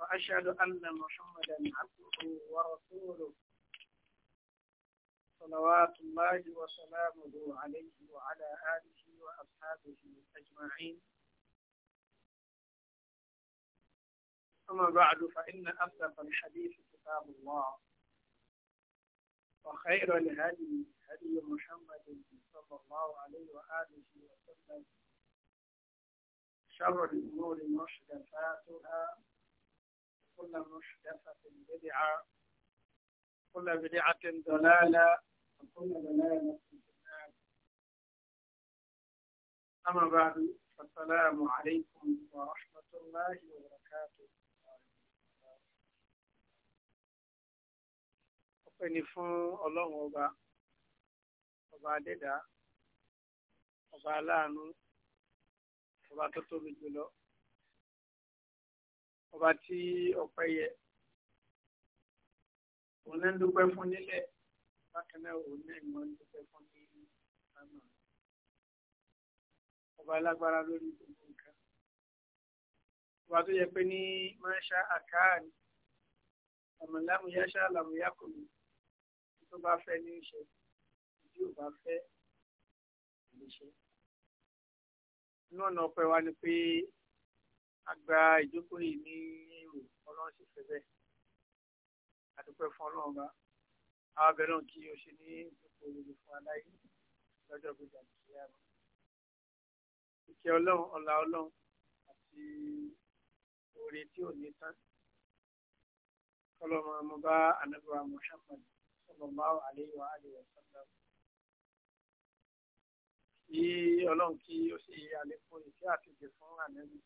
وأشهد أن محمدا عبده ورسوله صلوات الله وسلامه عليه وعلى آله وأصحابه أجمعين أما بعد فإن أصدق الحديث كتاب الله وخير الهدي هدي محمد صلى الله عليه وآله وسلم شر الأمور محدثاتها وكل محدثة بدعة كل بدعة دلالة وكل دلالة في أما بعد فالسلام عليكم ورحمة الله وبركاته ọpẹ́ni fún Ọlọ́run ọba ọba adẹ́dá ọba aláàánú ọba tó tóbi jùlọ ọba tí ọpẹ́ yẹ òun náà ń dúpẹ́ fún nílẹ̀ bákan náà òun náà ìmọ̀ ń dúpẹ́ fún ní àná ọba alágbára lórí gbogbo nǹkan ọba tó yẹ pé ní máa ń ṣá àkáàní àmàlámù yáṣá àlàmù yákòmí tó bá fẹ́ ní ìṣe ìdí ò bá fẹ́ ìṣe inú ọ̀nà ọpẹ́ wa ni pé àgbà ìjókòó yìí ní ìrò ọlọ́run ṣe fẹ́ bẹ́ẹ̀ àdúpẹ́ fún ọlọ́run bá àwọn abẹ́rẹ́ náà kí o ṣe ní ìjókòó yìí fún aláyé lọ́jọ́ gbọdọ̀ àti ìyá rẹ̀ ìkẹ́ ọlọ́run ọlá ọlọ́run àti oore tí ò ní tán kọlọmọ mo bá anabiwa Muhammad sallallahu alaihi wa alihi wa sallam kí ọlọ́run kí ó ṣe àlékún ìfẹ́ àtijọ́ fún ànábì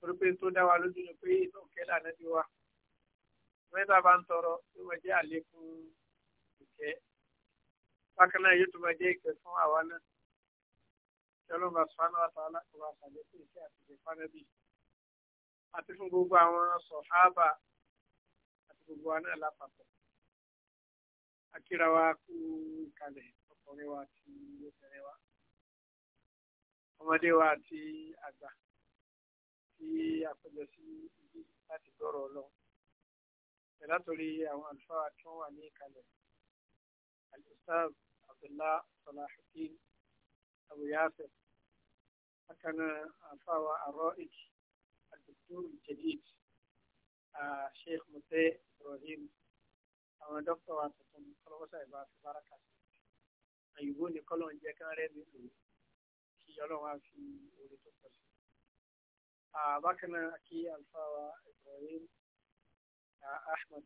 torí pé tó dá wa lójú ni pé inú kẹlẹ ànábi wa mẹ́ta bá ń tọrọ tó máa jẹ àlékún ìkẹ́ bákan náà yóò tó máa jẹ ìkẹ́ fún àwa náà kẹlọn bá sùn àwọn àtàwọn kò bá sàlékún ìkẹ́ àti ìkẹ́ fánábì àti fún gbogbo àwọn sọhábà àti gbogbo àná lápapọ̀ akíra kú ìkàlẹ̀ ọkùnrin wa àti obìnrin wa ọmọdé wa àti àgbà tí a péjọ sí ibi láti gbọ́rọ̀ ọlọ́run ẹ̀dá torí àwọn àlùfáà tí wọ́n wà ní ìkàlẹ̀ alustaz abdullah salahuddin abu yasir haka na àfáwà aroik al-doktor jadid a sheikh musa ibrahim àwọn dókítà wa tuntun kọlọ́wọ́sà ìbá fi báraka sí àyùbó ni kọ́lọ́n jẹ́ kán rẹ́ mi lò kí ọlọ́run á fi orí tó pọ̀ sí bákan náà kí alfawa ibrahim ahmed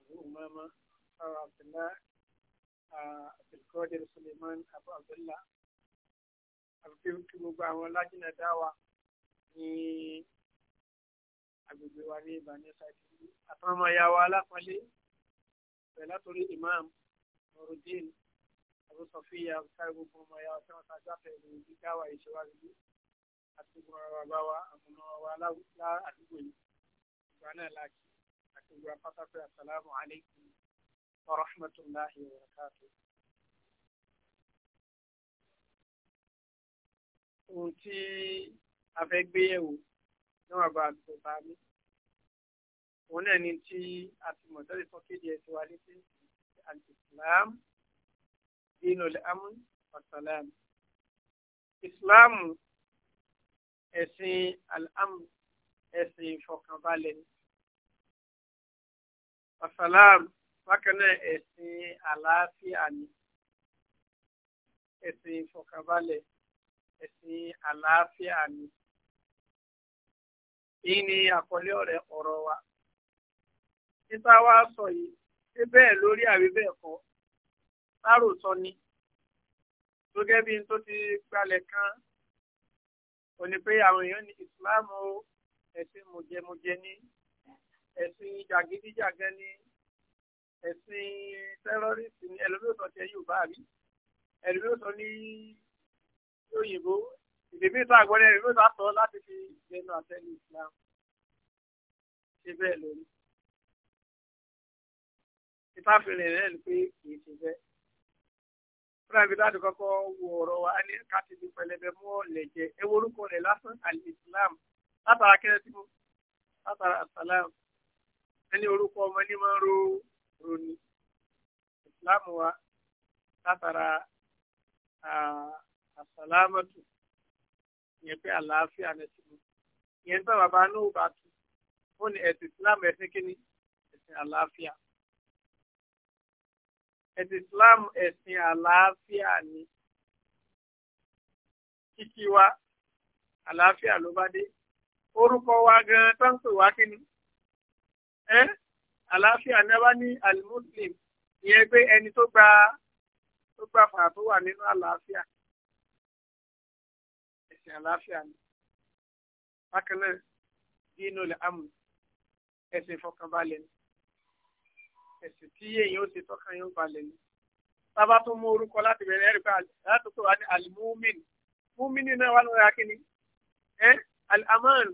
abu umama abu abdullah abdulkadir suleiman abu abdullah àbí kí gbogbo àwọn lájìnà dáwà ní agbègbè wa ní ìbàní ṣáàtì àtàwọn ọmọ ìyá wa alápọ̀nlé bẹ̀rẹ̀ látòrí imam nurudeen abu sofiya sáré gbogbo ọmọ ìyá wa tí wọ́n ṣàjọpẹ̀ ìròyìn dáwà ìṣèwádìí àti gbogbo àwọn bàbá wa àwọn ọmọ wa lá àdúgbò yìí ìgbà náà láàkì àti gbogbo apátápẹ́ àsàlámù alaykum wa rahmatulahi wa barakatuh. ohun tí a fẹ́ gbé yẹ̀wò níwọ̀n bá àgbò bá mi òun náà ni tí a ti mọ̀ sọ́dọ̀ tó kéde ẹ̀ tí wà ní sí al dínú al wa salam islam ẹ̀sìn al'am ẹ̀sìn ìfọkànbalẹ̀ ni. Asalam bákan náà ẹ̀sìn àlàáfíà ni. Ẹ̀sìn ìfọkànbalẹ̀ ẹ̀sìn àlàáfíà ni. Èyí ni àkọlé ọ̀rẹ́ ọ̀rọ̀ wa. Títà wa sọ yìí, ṣé bẹ́ẹ̀ lórí àbí bẹ́ẹ̀ kọ́? Sáròsọ ni. Tó gẹ́bí tó ti gbalẹ̀ kan ó ní pé àwọn èèyàn ní ìsìláàmù ẹ̀sìn mùjẹmùjẹ ní ẹ̀sìn jàgídíjàgan ní ẹ̀sìn tẹ́rọ́rìsì ní ẹlòmíràn tẹ Yorùbá rí ẹlòmíràn tó ní òyìnbó ìdèmí tó àgbọ̀dẹ ẹlòmíràn tó àtọ̀ láti fi gbẹnu àtẹ́lu ìsìláàmù ṣe bẹ́ẹ̀ lórí ìtàfihàn rẹ̀ ni pé kì í ṣe bẹ́ẹ̀ fúnrabi láti kọ́kọ́ wo ọ̀rọ̀ wa ní káti ní pẹlẹbẹ mú ọ̀lẹ̀ jẹ ẹ wo orúkọ rẹ̀ lásán alìsílám látara kẹ́rẹ́ tí mo látara àsálàm ẹni orúkọ ọmọ ní máa ń ro roni ìsìlámù wa látara àsálámàtù yẹn pé àlàáfíà ní ṣubú yẹn tó bàbá náà bá tu ó ní ẹ̀sìn ìsìlámù ẹ̀sìn kínní ẹ̀sìn àlàáfíà. Islam ẹ̀sìn àlàáfíà ni kíkí wa àlàáfíà ló bá dé orúkọ wa gan tó ń pè wá kí ni ẹ àlàáfíà ni a bá ní alimuslim ìyẹn pé ẹni tó gba tó gba fàá tó wà nínú àlàáfíà ẹ̀sìn àlàáfíà ni bákan náà dínú lè amú ẹ̀sìn ìfọkànbalẹ̀ ni ẹ̀sìn tí èèyàn ó ṣe tọ́kàn yóò balẹ̀ ni tábà tó mú orúkọ láti bẹ̀rẹ̀ ẹ̀rí pé látòkò wà ní alimumin mumini náà wà lórí akínní ẹ alaman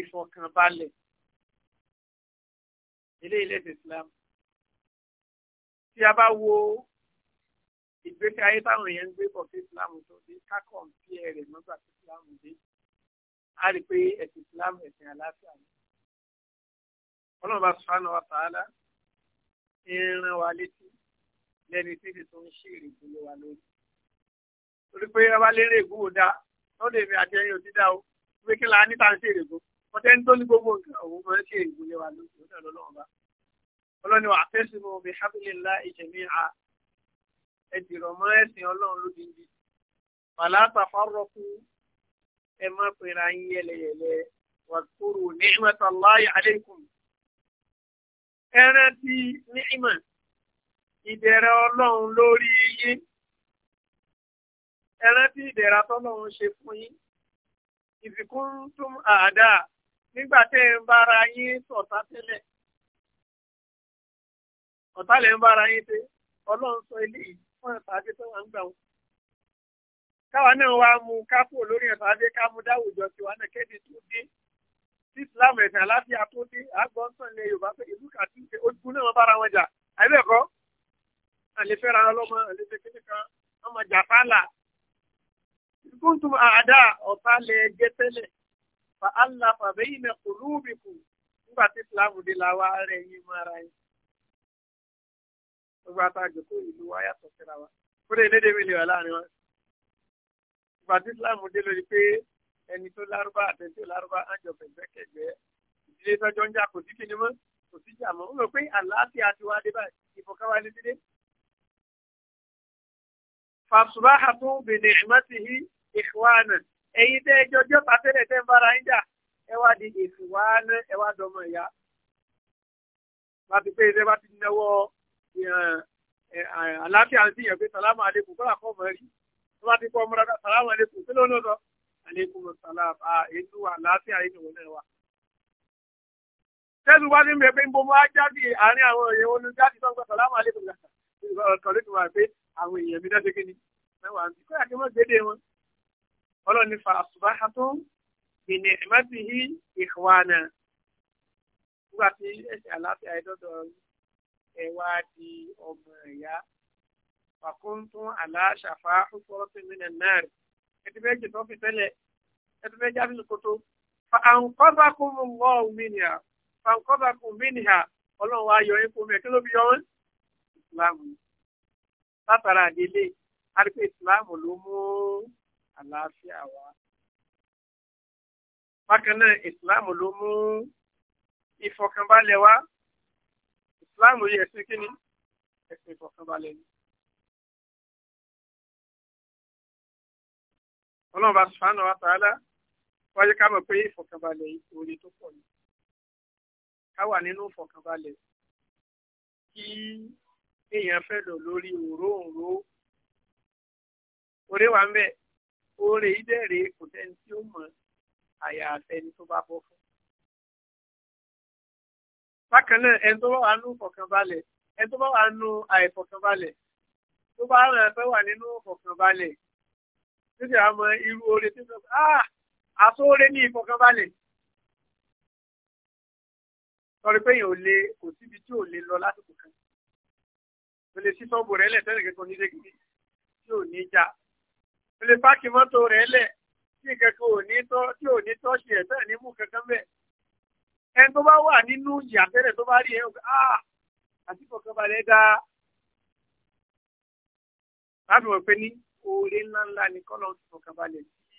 ìfọ̀kànbalẹ̀ ilé ilé ti Islam tí a bá wo ìgbésí ayé táwọn èèyàn ń gbé bọ̀ sí Islam tó dé kákọ̀ọ́ ń fi ẹ̀rẹ̀ mọ́gbà sí Islam dé a rí i pé ẹ̀sìn Islam ẹ̀sìn aláfíà ni ọlọ́run bá sùfàánù wa tààlà ìran wa létí lẹ́ni tí kì tó ń ṣe ìrìnkúlé wa lórí. torí pé ọba lérè ìgbówó dá lọ́dọ̀ èmi àti ẹyin òtí dá o pé kí láà níta ń ṣe ìrìnkú ọtẹ́ ń tó ní gbogbo nǹkan òun máa ń ṣe ìrìnkúlé wa lórí ìrìnkúlé ọlọ́run bá. ọlọ́ni wa àfẹ́sí mu bí hábìlélá ìjẹ̀mí a ẹ̀dìrọ̀ mọ́ ẹ̀sìn ọlọ́run lódindi. pàlátà ẹran ti níìmọ̀ ìdẹ̀rẹ̀ ọlọ́run lórí yín ẹran ti ìdẹ̀ra tọ́lọ́run ṣe fún yín ìfikúntún àdá nígbà tẹ́ ń bára yín ṣọ̀tá tẹ́lẹ̀ ọ̀tá lẹ́ ń bára yín ṣe ọlọ́run sọ eléyìí fún ẹ̀fàdé tó wà ń gbà wọn. káwa náà wá mú kápò lórí ẹ̀fàdé ká mú dáwùjọ tiwa náà kéde tó dé tí islam ẹ̀sìn aláfíà tó dé agbọ́nsán ilẹ̀ yorùbá pé ìlú kàtí ṣe ojú náà wọn bára wọn jà àìbẹ̀kọ́ àlefẹ́ra ọlọ́mọ àlefe kíní kan ọmọ jàfálà ìkúntùm àdá ọ̀tá lẹ jẹ tẹ́lẹ̀ fa allah fàbẹ́yìn mẹ kùlùbìkù nígbà tí islam dé la wá rẹ̀ yín mara yín. gbogbo àtàjọ kó ìlú wa yàtọ̀ síra wa kó lè lédè lè wà láàrin wa. ìgbà tí islam dé lórí pé ẹni tó lárúbá àtẹni tó lárúbá ájọ fẹ̀gbẹ́kẹ̀gbẹ́ ìdílé tọ́jọ́ ń jà kò sí kinní mọ́ kò sí jà mọ́ ó rò pé àlàáfíà ti wá dé báyìí ìfọ̀káwá ní dídé. fàṣùbáhà tó bìnrin ìmọ̀tìhí ìfúwánà ẹ̀yin tẹ́ ẹjọ́ jọ́ pàtẹ́lẹ̀ tẹ́ ń bára ń jà ẹ wá di ìfúwánà ẹ wá dọmọ ìyá. láti pé ilé bá ti náwó àlàáfíà ń sìn yẹn pé sàlámù àlékún kọ́lá kọ́ mọ́ rí tó bá ti kọ́ ọmọ rẹ̀ sàlámù àlékún kí ló ń lọ aleykum salaam ah, ètò àlàáfíà yìí nìwọ̀n náà wà. tẹ́sù bá ti ń bẹ pé ń bọ́ mọ́ ajáde àárín àwọn èèyàn wọn ní jáde tó ń gbà sàlámù aleykum gàtà ìgbàlódé tó wà pé àwọn èèyàn mi dáṣe kí ni mẹ́wàá ń bí kó yàtọ̀ gbédè wọn. ọlọ́ni fa àṣùbáṣà tó bi ni'matihi ikhwana nígbà tí ẹ̀sìn àlàáfíà yìí dọ́dọ̀ di ọmọ ìyá fàkóńtún aláṣàfà fúnfọ́rọ́sìn mí ẹ̀dùnmẹ́ jù tó fi tẹ́lẹ̀ ẹ̀dùnmẹ́ já sínú kòtò fa àǹkọ́bàkùn mọ́ òmìn ni fa àǹkọ́bàkùn mí ni à ọlọ́run wa yọ epo mẹ́ kí ló fi yọ wọ́n ìsìláàmù látara àdélé àdìpé ìsìláàmù ló mú àlàáfíà wá bákan náà ìsìláàmù ló mú ìfọ̀kànbalẹ̀ wá ìsìláàmù yẹ ẹ̀sìn kínní ẹ̀sìn ìfọ̀kànbalẹ̀ ni. ọlọ́run bá subhanahu wa ta'ala wáyé ká mọ̀ pé ìfọ̀kànbalẹ̀ orí tó pọ̀ ni ká wà nínú ìfọ̀kànbalẹ̀ kí èèyàn fẹ́ lọ lórí òróǹro orí wa ń bẹ̀ orí ìdẹ̀rẹ̀ kò sẹ́ni tí ó mọ̀ àyà àfẹni tó bá bọ́ fún. bákan náà ẹni tó bá wà nínú ìfọ̀kànbalẹ̀ ẹni tó bá wà nínú àìfọ̀kànbalẹ̀ tó bá ràn fẹ́ wà nínú ìfọ̀kànbalẹ̀ títí àmọ́ irú oore tí sọ ah àsóore ní ìfọkànbalẹ̀ sọrí pé èèyàn ò lè kò síbi tí ò lè lọ lásìkò kan o lè sí sọ́ọ̀bù rẹ̀ lẹ̀ tẹ́lẹ̀ kẹ́kọ̀ọ́ ní dégìdì tí ò ní já o lè páàkì mọ́tò rẹ̀ lẹ̀ tí kẹ́kọ̀ọ́ ò ní tọ́ tí ò ní tọ́ṣì ẹ̀ bẹ́ẹ̀ ní mú kankan bẹ́ẹ̀ ẹni tó bá wà nínú ìyàtẹ́rẹ̀ tó bá rí ẹ̀ ah àti ìfọkànbalẹ̀ dáa láti mọ̀ pé ní oore ńláńlá ni kọ́lọ̀ ń sọ kábàlẹ̀ sí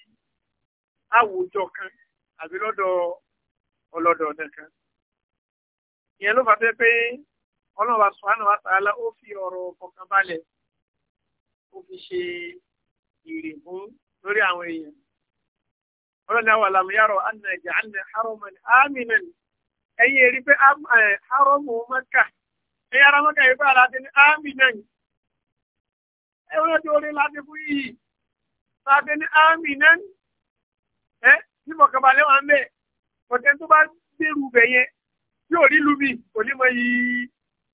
àwùjọ kan àbí lọ́dọ̀ ọlọ́dọ̀ ọ̀dẹ kan. ìyẹn ló fà fẹ́ pé ọlọ́wà sùhánù àtàlà ó fi ọ̀rọ̀ fọkànbalẹ̀ ó fi ṣe ìrìbù lórí àwọn èèyàn. ọlọ́ni àwọn àlàmúyàrọ̀ àna ẹ̀jẹ̀ àna ẹ̀yìn pé eh, maka ẹ̀yà yìí ẹ̀rọ tí orin láti fún yìí láti ní ámì náà ẹ́ tí mọ̀kànbalẹ̀ wà ń bẹ̀ kọ̀tẹ́ tó bá gbèrú bẹ̀ yẹn tí ò rí lu mi kò ní mọ yìí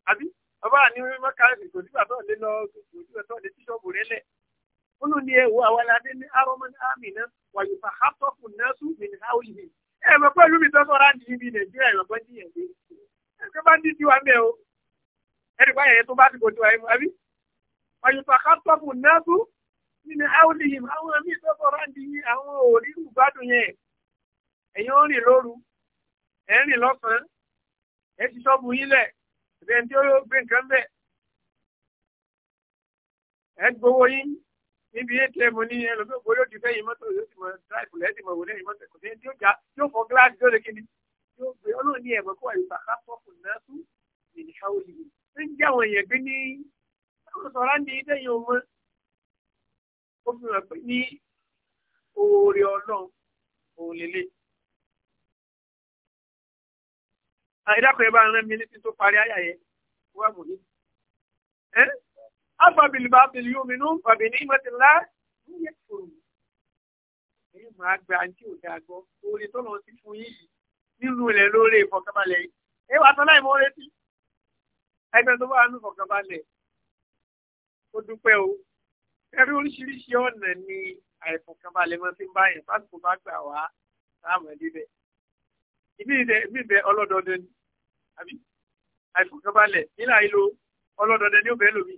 àbí bàbá ní mọ́kànsì kò sígbà tó lé lọ kò sígbà tó lé tíṣọ́ọ̀bù rẹ̀ lẹ̀ olú ni ẹ wo àwọn aládé ní arọ́mọ ní ámì náà wàyí fàhátọ́fù náà sùn mí ní háwìí mi ẹ mọ̀ pé lùmí tó sọ̀rọ̀ àdìyí mi nàìjíríà ẹ̀rọ bọ́ ní ẹ̀gbẹ́ ẹ̀ ọ̀yùntàkátọ́fù nẹ́bù nínú áwùlìyìn àwọn míì tó sọ̀rọ̀ ń di àwọn òrírù gbádùn yẹn ẹ̀yin ó rìn lóru ẹ̀ ń rìn lọ́sàn-án ẹ̀ ti sọ́ọ̀bù yín lẹ̀ ẹ̀bẹ̀ tí ó gbé nǹkan bẹ̀ ẹ̀ gbowó yín níbi atm ní ẹlòmíògbó yóò ti fẹ́ yìí mọ́tò yóò ti mọ̀ tíráìpù lẹ́yìn tí mo wò lẹ́yìn mọ́tò kò sí tí ó jà tí ó fọ gíláàsì tó lè kíni tí ó gbé ọlọ́ọ̀ni ẹ̀mọ́ kó àyùbá náà tún nìyí káwọ́ ń jẹ́ àwọn èèyàn gbé ní àwọn sọ̀rọ̀ ní ilé yìí ọmọ ó fi hàn pé ní oore ọlọ́run òun lélẹ̀. Ah, àìdákọ̀ ẹ bá rán mi létí tó parí àyà yẹn wà mọ̀ ní. da bá bili yóò mi nú bàbí ní ìmọ̀tí ńlá ní yẹ kúrò. èyí máa gba àǹtí òdà gbọ́ oore tó lọ sí fún yìí nínú ilẹ̀ lóore ìfọ̀kànbalẹ̀ yìí. ẹ wà tán láì mọ oore sí ẹgbẹ́ ó dúpẹ́ o ẹrí oríṣiríṣi ọ̀nà ni àìfọ̀kànbalẹ̀ máa fi ń bá yẹn fásitì bá gbà wá sáàmù ẹ̀díbẹ̀ ìbí ìbẹ̀ ìbí ìbẹ̀ ọlọ́dọọdún ni àbí àìfọ̀kànbalẹ̀ nílà ìlò ọlọ́dọọdún ni ó bẹ́ẹ̀ lómi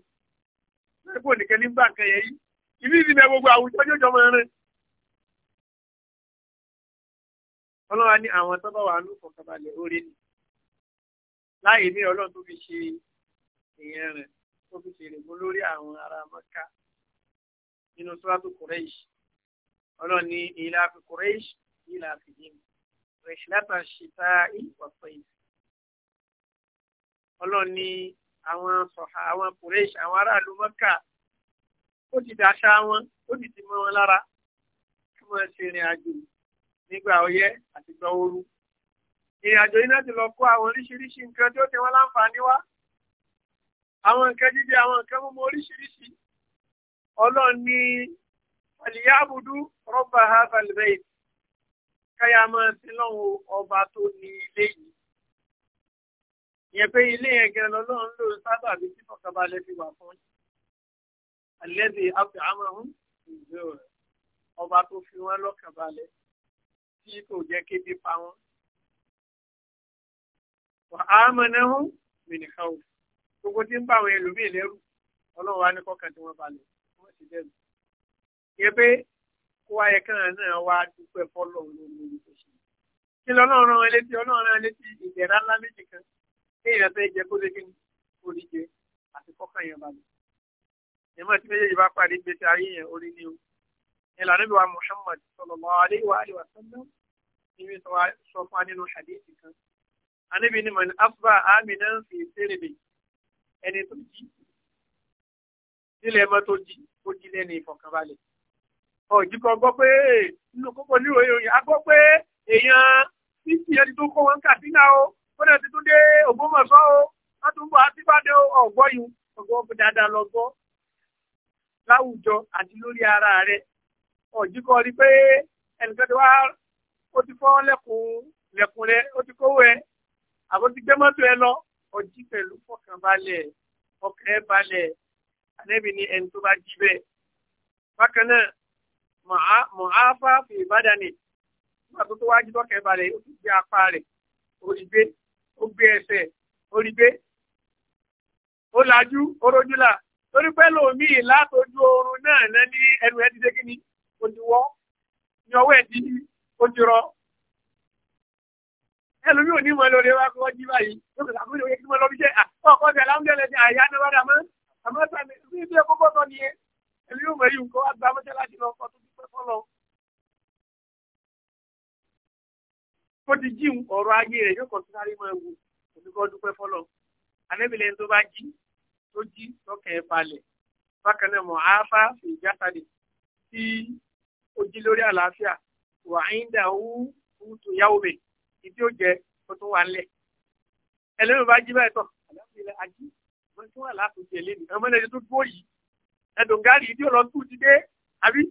ẹ̀kọ́ nìkan ní gbà kan yẹn yìí ìbí ìbẹ̀ gbogbo àwùjọ jọjọ máa rìn. ọlọ́wà ní àwọn tó bá wà ní ìfọ̀kànbalẹ̀ orí ni láì ní ọlọ́run tó fi ṣe ìyẹn rẹ̀ tó fi ṣe ìrìnbó lórí àwọn ará mọ́ká nínú sọ́látù kùrẹ́ṣ ọlọ́ni ìlà fi kùrẹ́ṣ ìlà fi dín kùrẹ́ṣ látà ṣìta ìwọ̀sọ̀ yìí ọlọ́ni àwọn sọ̀hà àwọn kùrẹ́ṣ àwọn aráàlú mọ́ká ó ti dàṣà wọn ó ti ti mọ́ wọn lára kí wọ́n ṣe ìrìn àjò nígbà ọyẹ́ àti gbọ́ ooru ìrìn àjò yìí náà ti lọ kó àwọn oríṣiríṣi nǹkan tí ó ti wọn láǹfààní wá àwọn nǹkan jíjẹ àwọn nǹkan mímu oríṣiríṣi ọlọ́run ní àlìyábùdú rọ́bà hafalbẹ́ẹ̀ káyà máa sí lọ́hùn ọba tó ní ilé yìí ìyẹn pé ilé yẹn gẹ̀rẹ́ lọ́lọ́run ló sábà bí tí fọkànbalẹ̀ fi wà fún àlẹ́bí abdulhamahun ọba tó fi wọ́n lọ́kànbalẹ̀ tí kò jẹ́ kébi pa wọ́n. wàhálà mọ̀nẹ́hún mìnìkan òfin gbogbo tí ń bá àwọn ẹlòmíì lẹ́rù ọlọ́run wa ní kọ́kàn tí wọ́n balẹ̀ wọ́n ti dẹ́nu. yẹ pé kó wáyé kàn náà wá dúpẹ́ fọ́lọ́ lórí tó ṣe. kí lọ́nà rán wọn létí ọlọ́run rán létí ìdẹ̀ra ńlá méjì kan kí èèyàn fẹ́ jẹ kó lé kí orí jẹ àti kọ́kàn yẹn balẹ̀. ìmọ̀ tí méjèèjì bá parí gbèsè ayé yẹn orí ni o. ìlànà ìwà Muhammad sallallahu alaihi wa alihi wa sallam ìwé sọ fún wa nínú hadith kan ẹni tó jí nílẹ̀ mọ́ tó jí tó jí lẹ́ni ìfọ̀kànbalẹ̀ ọ̀jì kan gbọ́ pé nínú kókó níròyìn òyìn a gbọ́ pé èèyàn fífi ẹni tó kó wọn kàtínà o kódà ti tún dé Ògbómọ̀ṣọ́ o wọ́n bọ̀ àtibáde ọ̀gbọ́ yìí ọ̀gbọ́ dáadáa lọ gbọ́ láwùjọ àti lórí ara rẹ̀ ọ̀jì kan rí pé ẹnìkan ti wá ó ti fọ́ lẹ́kùn lẹ́kùn rẹ̀ ó ti kówó ẹ àbó ti gbé ẹ lọ ọjí pẹ̀lú fọkànbalẹ̀ ọkẹ́ balẹ̀ ànábì ní ẹni tó bá jí bẹ́ẹ̀. bákan náà mọ̀áfà fi ìbàdàn ni nígbà tó tó wá jí tọ́kẹ́ balẹ̀ ó ti gbé apá rẹ̀ orí ó gbé ẹsẹ̀ orí ó lajú ó rojú là torí pé lòmíì látojú oorun náà náà ní ẹnu ẹ dé kí ni ó ti wọ́ ní ọwọ́ ẹ ti ẹlòmíì ò ní mọ lórí wa kọ́ jí báyìí ló kọ́ sàkóso yẹ kí mo lọ bí jẹ́ ah, ọkọ bí alámúdẹ́lẹ̀ ti àyà ní wàdà mọ́ àmọ́ sàmì bí ibi ẹ̀kọ́ bọ́ tọ́ nìyẹn ẹlòmíì ò mọ èyí nǹkan wá gba mọ́tẹ́ láti lọ ọkọ tó ti pẹ́ fọ́lọ́. ó ti jí ọ̀rọ̀ ayé rẹ̀ yóò kàn sáré máa wù olùkọ́ dúpẹ́ fọ́lọ́ anábìlẹ̀ tó bá jí tó jí lọ́kẹ́ falẹ̀ bákan náà mọ̀ áfá ìjásàdì tí ó jí lórí àlàáfíà wà ń dà ó kú tó yáwó bẹ́ẹ̀ ìdí òjẹ tó tún wà ńlẹ̀ ẹlẹ́nu bá jí báyìí tọ̀ àdáfilẹ̀ ají wọ́n tún wà láàkóso ẹlẹ́ ni ọmọ ẹlẹ́ni tó dúró yìí ẹ̀dùn gárì ìdí ọ̀rọ̀ tù ti dé àbí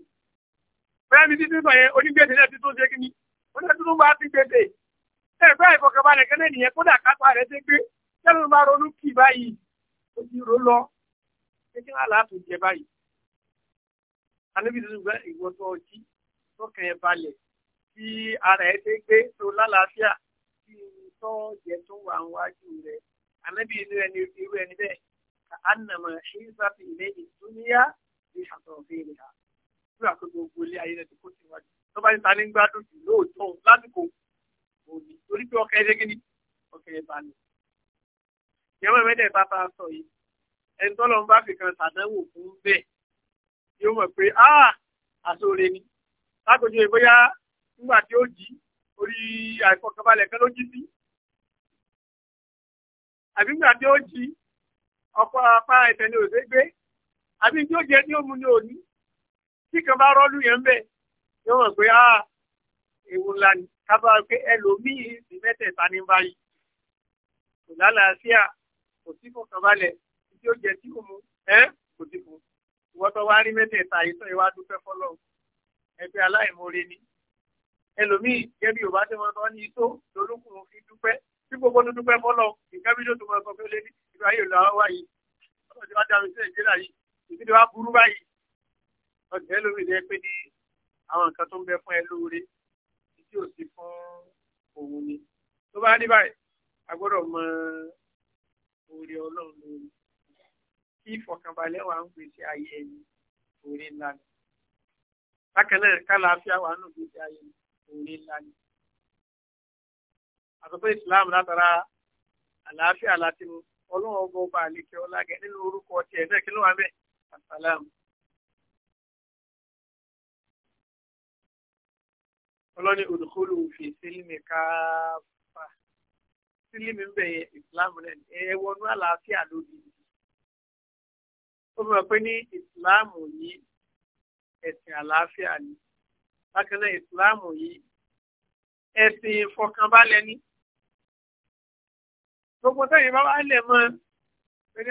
bẹ́ẹ̀ mi títí sọ yẹn onígbèsè náà ti tún ṣe kíni wọ́n náà tún bá ti gbèsè ẹ̀ bẹ́ẹ̀ ìfọkànbalẹ̀ kẹ́lẹ́ nìyẹn kódà kápá rẹ̀ ṣe gbé kẹ́lẹ́ bá ronú kì báyìí ó ti rò lọ kékeré aláàfin jẹ báyìí bí ara ẹ ṣe gbé tó lálàáfíà bí tọ́ọ̀jẹ tó wà níwájú rẹ̀ ànábì inú ẹni irú ẹni bẹ́ẹ̀ ká ànàmọ̀ ṣíṣàfi ilé ìtúníyà ní àtọ̀fẹ́ rẹ̀ ha bí wàá pé gbogbo ilé ayé rẹ̀ ti kó sí iwájú tó bá ní ta ní gbádùn jù lóòótọ́ lásìkò òní torí pé ọkẹ́ ẹ̀ṣẹ́ gíní ọkẹ́ ẹ̀ bá ní. ìyàwó ẹ̀mẹ́dẹ̀ bá bá a sọ yìí ẹni tọ́lọ́ ń bá fi sàdánwò fún bẹ́ẹ̀ yóò mọ̀ pé ah, àṣọ rẹ̀ ni lágbèjọ́ ìbóyá nígbà tí ó jí orí àìfọkànbalẹ̀ kan ló jí sí àbí nígbà tí ó jí ọ̀pọ̀ apá ẹsẹ̀ ni òṣè gbé àbí tí ó jẹ tí ó mu ni òní tí kan bá rọ́ọ̀lù yẹn ń bẹ̀ yóò mọ̀ pé áà ah, ewu ńlá ni kábàá pé ẹlòmíì sì mẹ́tẹ̀ẹ̀ta ní báyìí kò lálàáfíà kò sí fọkànbalẹ̀ tí ó jẹ tí ó mu ẹ́ kò sí fún un ìwọ́tọ̀ wá rí mẹ́tẹ̀ẹ̀ta yìí tán ìwádùú fẹ́ fọ́lọ́ ẹgbẹ́ aláìmoore ni ẹlòmíì gẹ́bí yorùbá tí wọ́n tọ́ ní iṣó lórúkùn fi dúpẹ́ tí gbogbo tó dúpẹ́ fọ́lọ́ nǹkan bí lóòótọ́ wọn sọ pé ó lé ní ìlú ayé ìlú àwọn wáyé ọ̀sọ̀ tí wọ́n dá mi sí nàìjíríà yìí ìdílé wa burú báyìí ọ̀sẹ̀ ẹlòmíì lẹ́ pé ní àwọn nǹkan tó ń bẹ fún ẹ lóore tí ò sí fún òun ni tó bá rí báyìí a gbọ́dọ̀ mọ oore ọlọ́run lórí kí ìfọ̀kànbalẹ̀ wà ń pèsè ayé ẹni oore ńlá orí ńlá ni. àtọ́fẹ́ islam látara àlàáfíà láti mú ọlọ́run ọgbọ́n ọba àlekè ọlágẹ nínú orúkọ tiẹ̀ náà kí ló wà bẹ́ẹ̀ asalaam. ọlọ́ni olùkọ́lù fi sílímì káfà sílímì ń bẹ̀yẹ islam náà ẹ wọnú àlàáfíà lóde ó mọ̀ pé ní islam yìí ẹ̀sìn àlàáfíà ni bákan náà ìsìláàmù yìí ẹ̀sìn ìfọkànbalẹ̀ ni gbogbo sẹ́yìn bá wà lẹ̀ mọ́ pé ní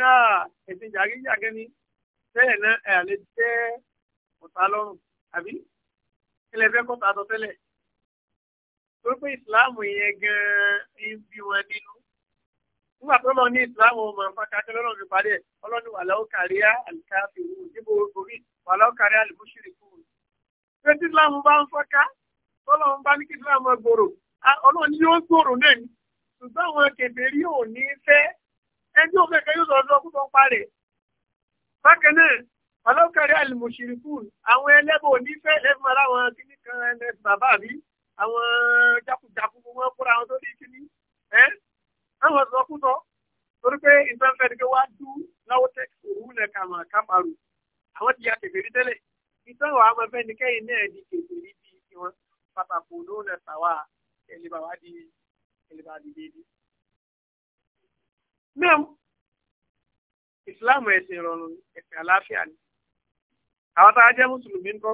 ẹ̀sìn jàgíjàgẹ́ ni tẹ́lẹ̀ náà ẹ̀ àlẹ́ jẹ́ ọ̀tá lọ́rùn àbí ilẹ̀ fẹ́ kọ́ta sọ tẹ́lẹ̀ tó pé ìsìláàmù yẹn gan-an ń bí wọn nínú nígbà tó lọ ní ìsìláàmù ọmọ fàkàtà lọ́nà mi parí ẹ̀ ọlọ́ni wàlá ó kárí níbo orí wàlá ó kárí pé tí islam bá ń fọ́ká tọ́lọ́run bá ní kí islam gbòòrò ọlọ́run yóò gbòòrò náà ni ṣùgbọ́n àwọn kèbèrí ò ní fẹ́ ẹni ò fẹ́ kẹ́ yóò sọ̀rọ̀ ọkùnrin tó ń parẹ́ bákan náà ọlọ́kàrí àlùmọ̀ṣirikù àwọn ẹlẹ́bọ̀ ò ní fẹ́ lẹ́fún ara wọn kíní kan ẹni bàbá mi àwọn jákujàku wọn kóra wọn sórí kíní ẹ àwọn sọkúsọ torí pé ìfẹ́fẹ́ ni pé wá dú láwọ́tẹ́kì òun lẹ̀ kàmà kápárù àwọn ti ya kèbèrí tẹ́lẹ̀ ìtàn wàá mọ fẹ́ ni kẹ́yìn náà di kèké ní ti tiwọn pàtàkì olóhùn náà tàwa ẹlẹ́bà wá di ẹlẹ́bà di déédéé. mẹ́m ìsìláàmù ẹ̀sìn ìrọ̀rùn ẹ̀sìn àlàáfíà ni àwọn tá a jẹ́ mùsùlùmí ńkọ́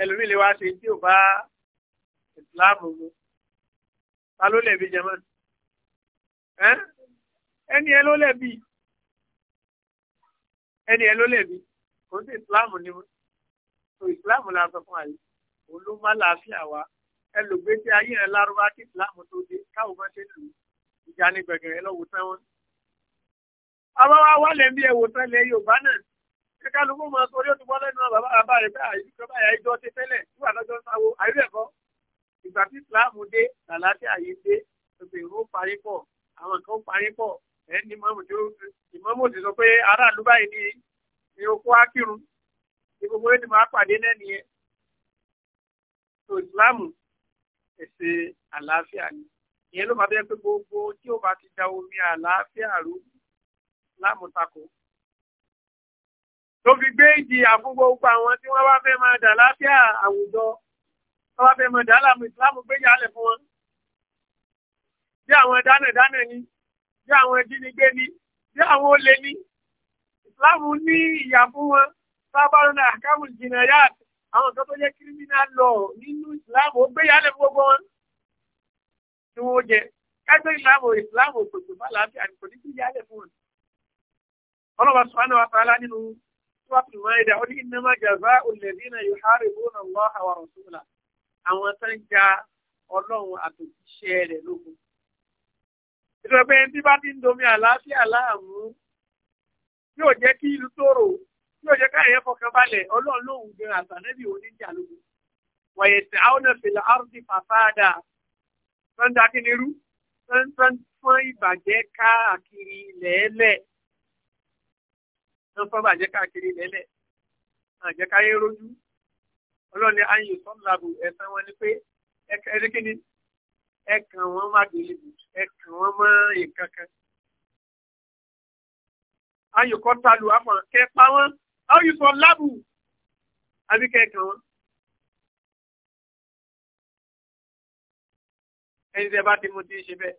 ẹlòmíì lè wá ṣe tí ò bá ìsìláàmù mu ta ló lẹ̀bi jẹ́ mọ́ ẹni ẹ ló lẹ̀bi ẹni ẹ ló lẹ̀bi kò sí ìsìláàmù ni so ìsìláàmù la sọ fún àyè òun ló má làáfíà wa ẹ lò gbé sí ayé ẹ lárúbá kí ìsìláàmù tó dé káwọn máa ṣe lù ìjà ní gbẹ̀gẹ̀rẹ̀ lọ́wọ́ sẹ́wọ̀n. àbáwá wálé bí ẹwò tẹ́lẹ̀ Yorùbá náà kíkà ló fún wọn sórí òtún bọ́lẹ́nu náà bàbá bàbá rẹ̀ bẹ́ẹ̀ àyíkọ́ báyà ìjọ ti tẹ́lẹ̀ nígbà tó jọ ń sáwó àyíkọ́ ẹ̀kọ́ ìgbà tí ìsìláàmù dé làlàáfíà yìí dé tòṣè ìró parí pọ̀ àwọn kan parí pọ̀ ẹ̀ ní mọ́mù tó sọ pé aráàlú báyìí ní ní oko akírun ní gbogbo yóò ti máa pàdé náà nìyẹn tó ìsìláàmù ẹ̀sìn àlàáfíà ni ìyẹn ló máa bẹ́ẹ̀ pé gbogbo tí ó bá ti da omi àlàáfíà rú lámùtakò tó fi gbé ìjìyà fún gbogbo àwọn tí wọ́n bá fẹ́ máa dà láfíà àwùjọ wọ́n bá fẹ́ máa dà láàmú ìsìláàmù gbé yálẹ̀ fún wọn. bí àwọn dánẹ̀dánẹ̀ ni bí àwọn jínigbé ni bí àwọn olè ni ìsìláàmù ní ìyà fún wọn sábàrún àkámù jìnnà yá àwọn kan tó jẹ́ kírímínà lọ nínú ìsìláàmù ó gbé yálẹ̀ fún gbogbo wọn tí wọ́n jẹ ẹgbẹ́ ìsìláàmù ìsìláàmù òkòtò bá làáfíà ní kò ní kí yálẹ̀ fún wọn. ọlọ́wà sùnánà wa tààlà nínú sọ́ọ̀tù máìdá ó ní innama jaza'u alladhina yuharibuna Allaha wa rasulahu àwọn tó ń ja ọlọ́run àtòjíṣẹ́ rẹ̀ lógun. ìjọba yóò jẹ́ kí ìlú tóró yóò jẹ́ káyọ̀ fọkàn balẹ̀ ọlọ́run lóhùn gan àtànẹ́bí oníjà lóhùn wọ̀nyẹ̀ tẹ̀ àwọn ọ̀nàfẹ̀lẹ̀ àrùndì fàfáàdà sọ́ńdà kínirú fún ìbàjẹ́ káàkiri lẹ́ẹ̀lẹ̀ fún ìbàjẹ́ káàkiri lẹ́ẹ̀lẹ̀ àjẹkáyé rojú ọlọ́ni ayé sọ́nlàbù ẹ̀sán wọn ni pé ẹ̀ẹ́dẹ́kẹ́ni ẹ̀kàn wọn má gbélébù ẹ̀kàn wọn mọ́ nǹkan kan ayòkọ́ talù àmọ́ kẹ pa wọ́n ayòsọ lábù àbí kẹ kàn wọ́n. ẹni tẹ bá ti mú ti ṣe bẹ́ẹ̀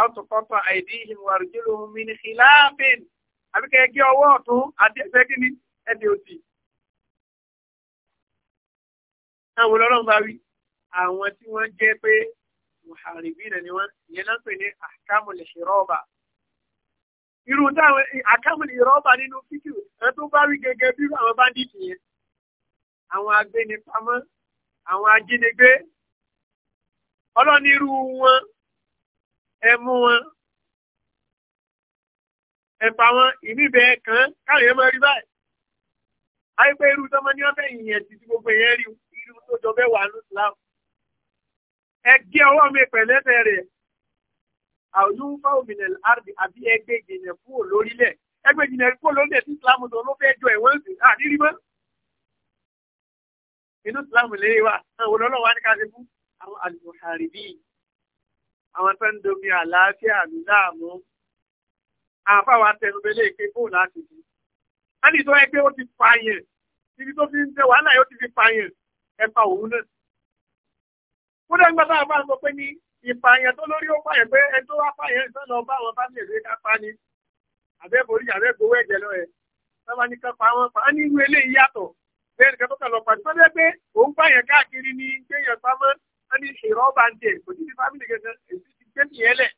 àtúkọ́tọ̀ àìdíhìn wàrújúlò mini xìláàfin àbí kẹ gé ọwọ́ ọ̀tún àti ẹgbẹ́ kínní ẹ̀dẹ̀ òsì. àwọn olóró bá wí àwọn tí wọ́n jẹ́ pé muharibi rẹ̀ ni wọ́n yẹn náà pè ní àkàmù lè ṣe irú táwọn àkàmùlì rọ́bà nínú fídíò ẹ tó bá rí gẹ́gẹ́ bí àwọn báńdíìtì yẹn àwọn agbénipamọ́ àwọn ajínigbé ọlọ́nirú wọn ẹ mú wọn ẹ pa wọn ìníbẹ̀ kan káwọn yẹn máa rí báyìí àyípẹ́ irú tọ́mọ ní wọ́n yìnyẹn ti ti gbogbo yẹn rí irú tó jọ bẹ́ẹ̀ wà ní Islam ẹ gé ọwọ́ mi pẹ̀lẹ́fẹ̀ rẹ̀ àlùfà òmìnira àrùbí àbí ẹgbẹ́ ìjìnlẹ̀ kúrò lórílẹ̀ ẹgbẹ́ ìjìnlẹ̀ kúrò lórílẹ̀ tí islam tó ló fẹ́ jọ ẹ̀wọ̀n sí àdírí mọ́. inú islam lè wà àwọn olólùwà ní ká ṣe fún àwọn àlùmọ̀hárìbí àwọn tó ń domi àlàáfíà mi láàmú àfáwà tẹnubẹ́lẹ́ èké fóònù àti ìdí. a ní ìtọ́ ẹgbẹ́ ó ti pààyàn ibi tó fi ń tẹ wàhálà yóò ti fi pààyàn ẹ ìpààyàn tó lórí ó pààyàn pé ẹni tó wá pààyàn ìtàn lọ bá àwọn fásitì ká pa ni àbẹ́bòrí àbẹ́gbowó ẹ̀jẹ̀ lọ ẹ̀ sábà ní kan pa wọn pa á ní irú eléyìí yàtọ̀ bẹ́ẹ̀ nìkan tó kàn lọ pàdé sọ́dọ̀ pé òun pààyàn káàkiri ni gbẹ̀yàn pamọ́ wọn ní ìrọ̀ bá ń tiẹ̀ kò sí ti fámìlì kankan èsì ti gbé nìyẹn lẹ̀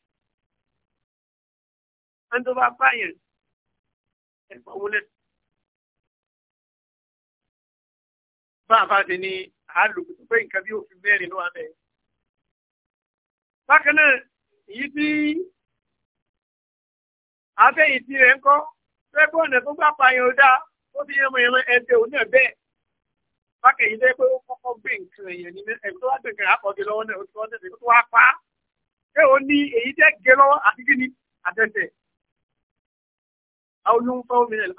ẹni tó bá pààyàn ẹ̀fọ́ wọlé. bá a bá ti ní àlùkù tó pé nǹkan bí òfin mẹ́rin ló wà bẹ́ẹ̀ bákan náà èyí tí afẹ́yìntì rẹ̀ ń kọ́ fẹ́ẹ́kọ́ ọ̀nà tó gbà pa yẹn ó dáa ó fi yẹn mọ yẹn mọ ẹgbẹ́ òun náà bẹ́ẹ̀ bákan yìí dẹ́ pé ó kọ́kọ́ gbé nǹkan èèyàn ní ẹ̀kọ́ tó wá gbé nǹkan àkọ́gé lọ́wọ́ náà ó ti wọ́n tẹ̀sẹ̀ tó wá pa á pé ó ní èyí tẹ́ gé lọ́wọ́ àti kí ni àtẹ̀tẹ̀ àwọn olóhùn fáwọn mìíràn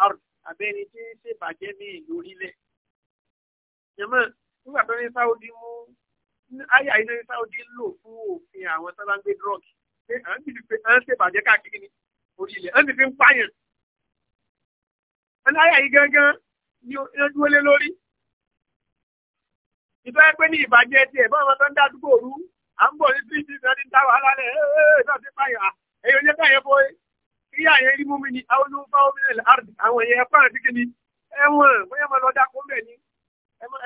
àbẹ́ni tí ń ṣèbàjẹ́ ní àyà iná sáwọ́dí ń lò fún òfin àwọn sábà ń gbé drọ́ọ̀kì pé à ń bìrì pé à ń ṣèbàjẹ́ káàkiri ní orí ilẹ̀ à ń sì fi ń pààyàn. ẹni àyà yìí gángan ni ó dúró lé lórí. ìtọ́ ẹ pé ní ìbàjẹ́ tiẹ̀ báwọn ọmọ tó ń dá àdúgbò rú à ń bọ̀ ní tíìtì náà ní dá wàhálà lẹ̀ ẹ́ẹ́ náà ti pààyàn ẹ̀yọ́ yẹ káyẹ̀ bọ́ kí àyẹ̀ rí mú mi ni àwọn olùfà ominan ard àwọn ẹ̀yẹ ẹ̀fà àti kìnnì ẹ̀wọ̀n bóyá mo lọ dákú mẹ́ ni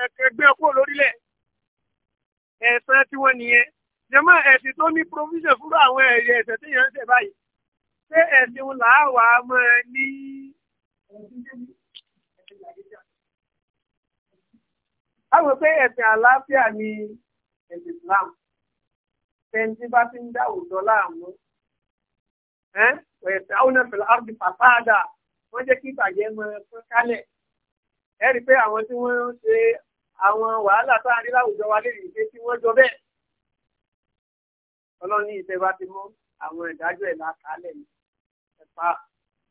ẹgbẹ́ kúrò lórílẹ̀ ẹ̀san tí wọ́n nìyẹn jẹ́mọ́ ẹ̀sìn tó ní provision fúnra àwọn ẹ̀yẹ ẹ̀ṣẹ̀ tí yẹn ń ṣe báyìí ṣé ẹ̀sìn wọn làá wà á mọ ní. a rò pé ẹ̀sìn àlàáfíà ni ẹ̀sìn Islam tẹ̀ǹtì bá ti ń dá òótọ́ láàmú ẹ̀sìn àwọn ẹ̀fẹ̀lẹ̀ áàdì fàfáàdà wọ́n jẹ́ kí ìbàjẹ́ mọ fún kálẹ̀ ẹ̀rí pé àwọn tí wọ́n ń ṣe àwọn wàhálà tá a rí láwùjọ wa lè rí pé kí wọ́n jọ bẹ́ẹ̀. ọlọ́run ní ìfẹ́ bá ti mú àwọn ìdájọ́ ẹ̀ lákàálẹ̀ ní ẹ̀fà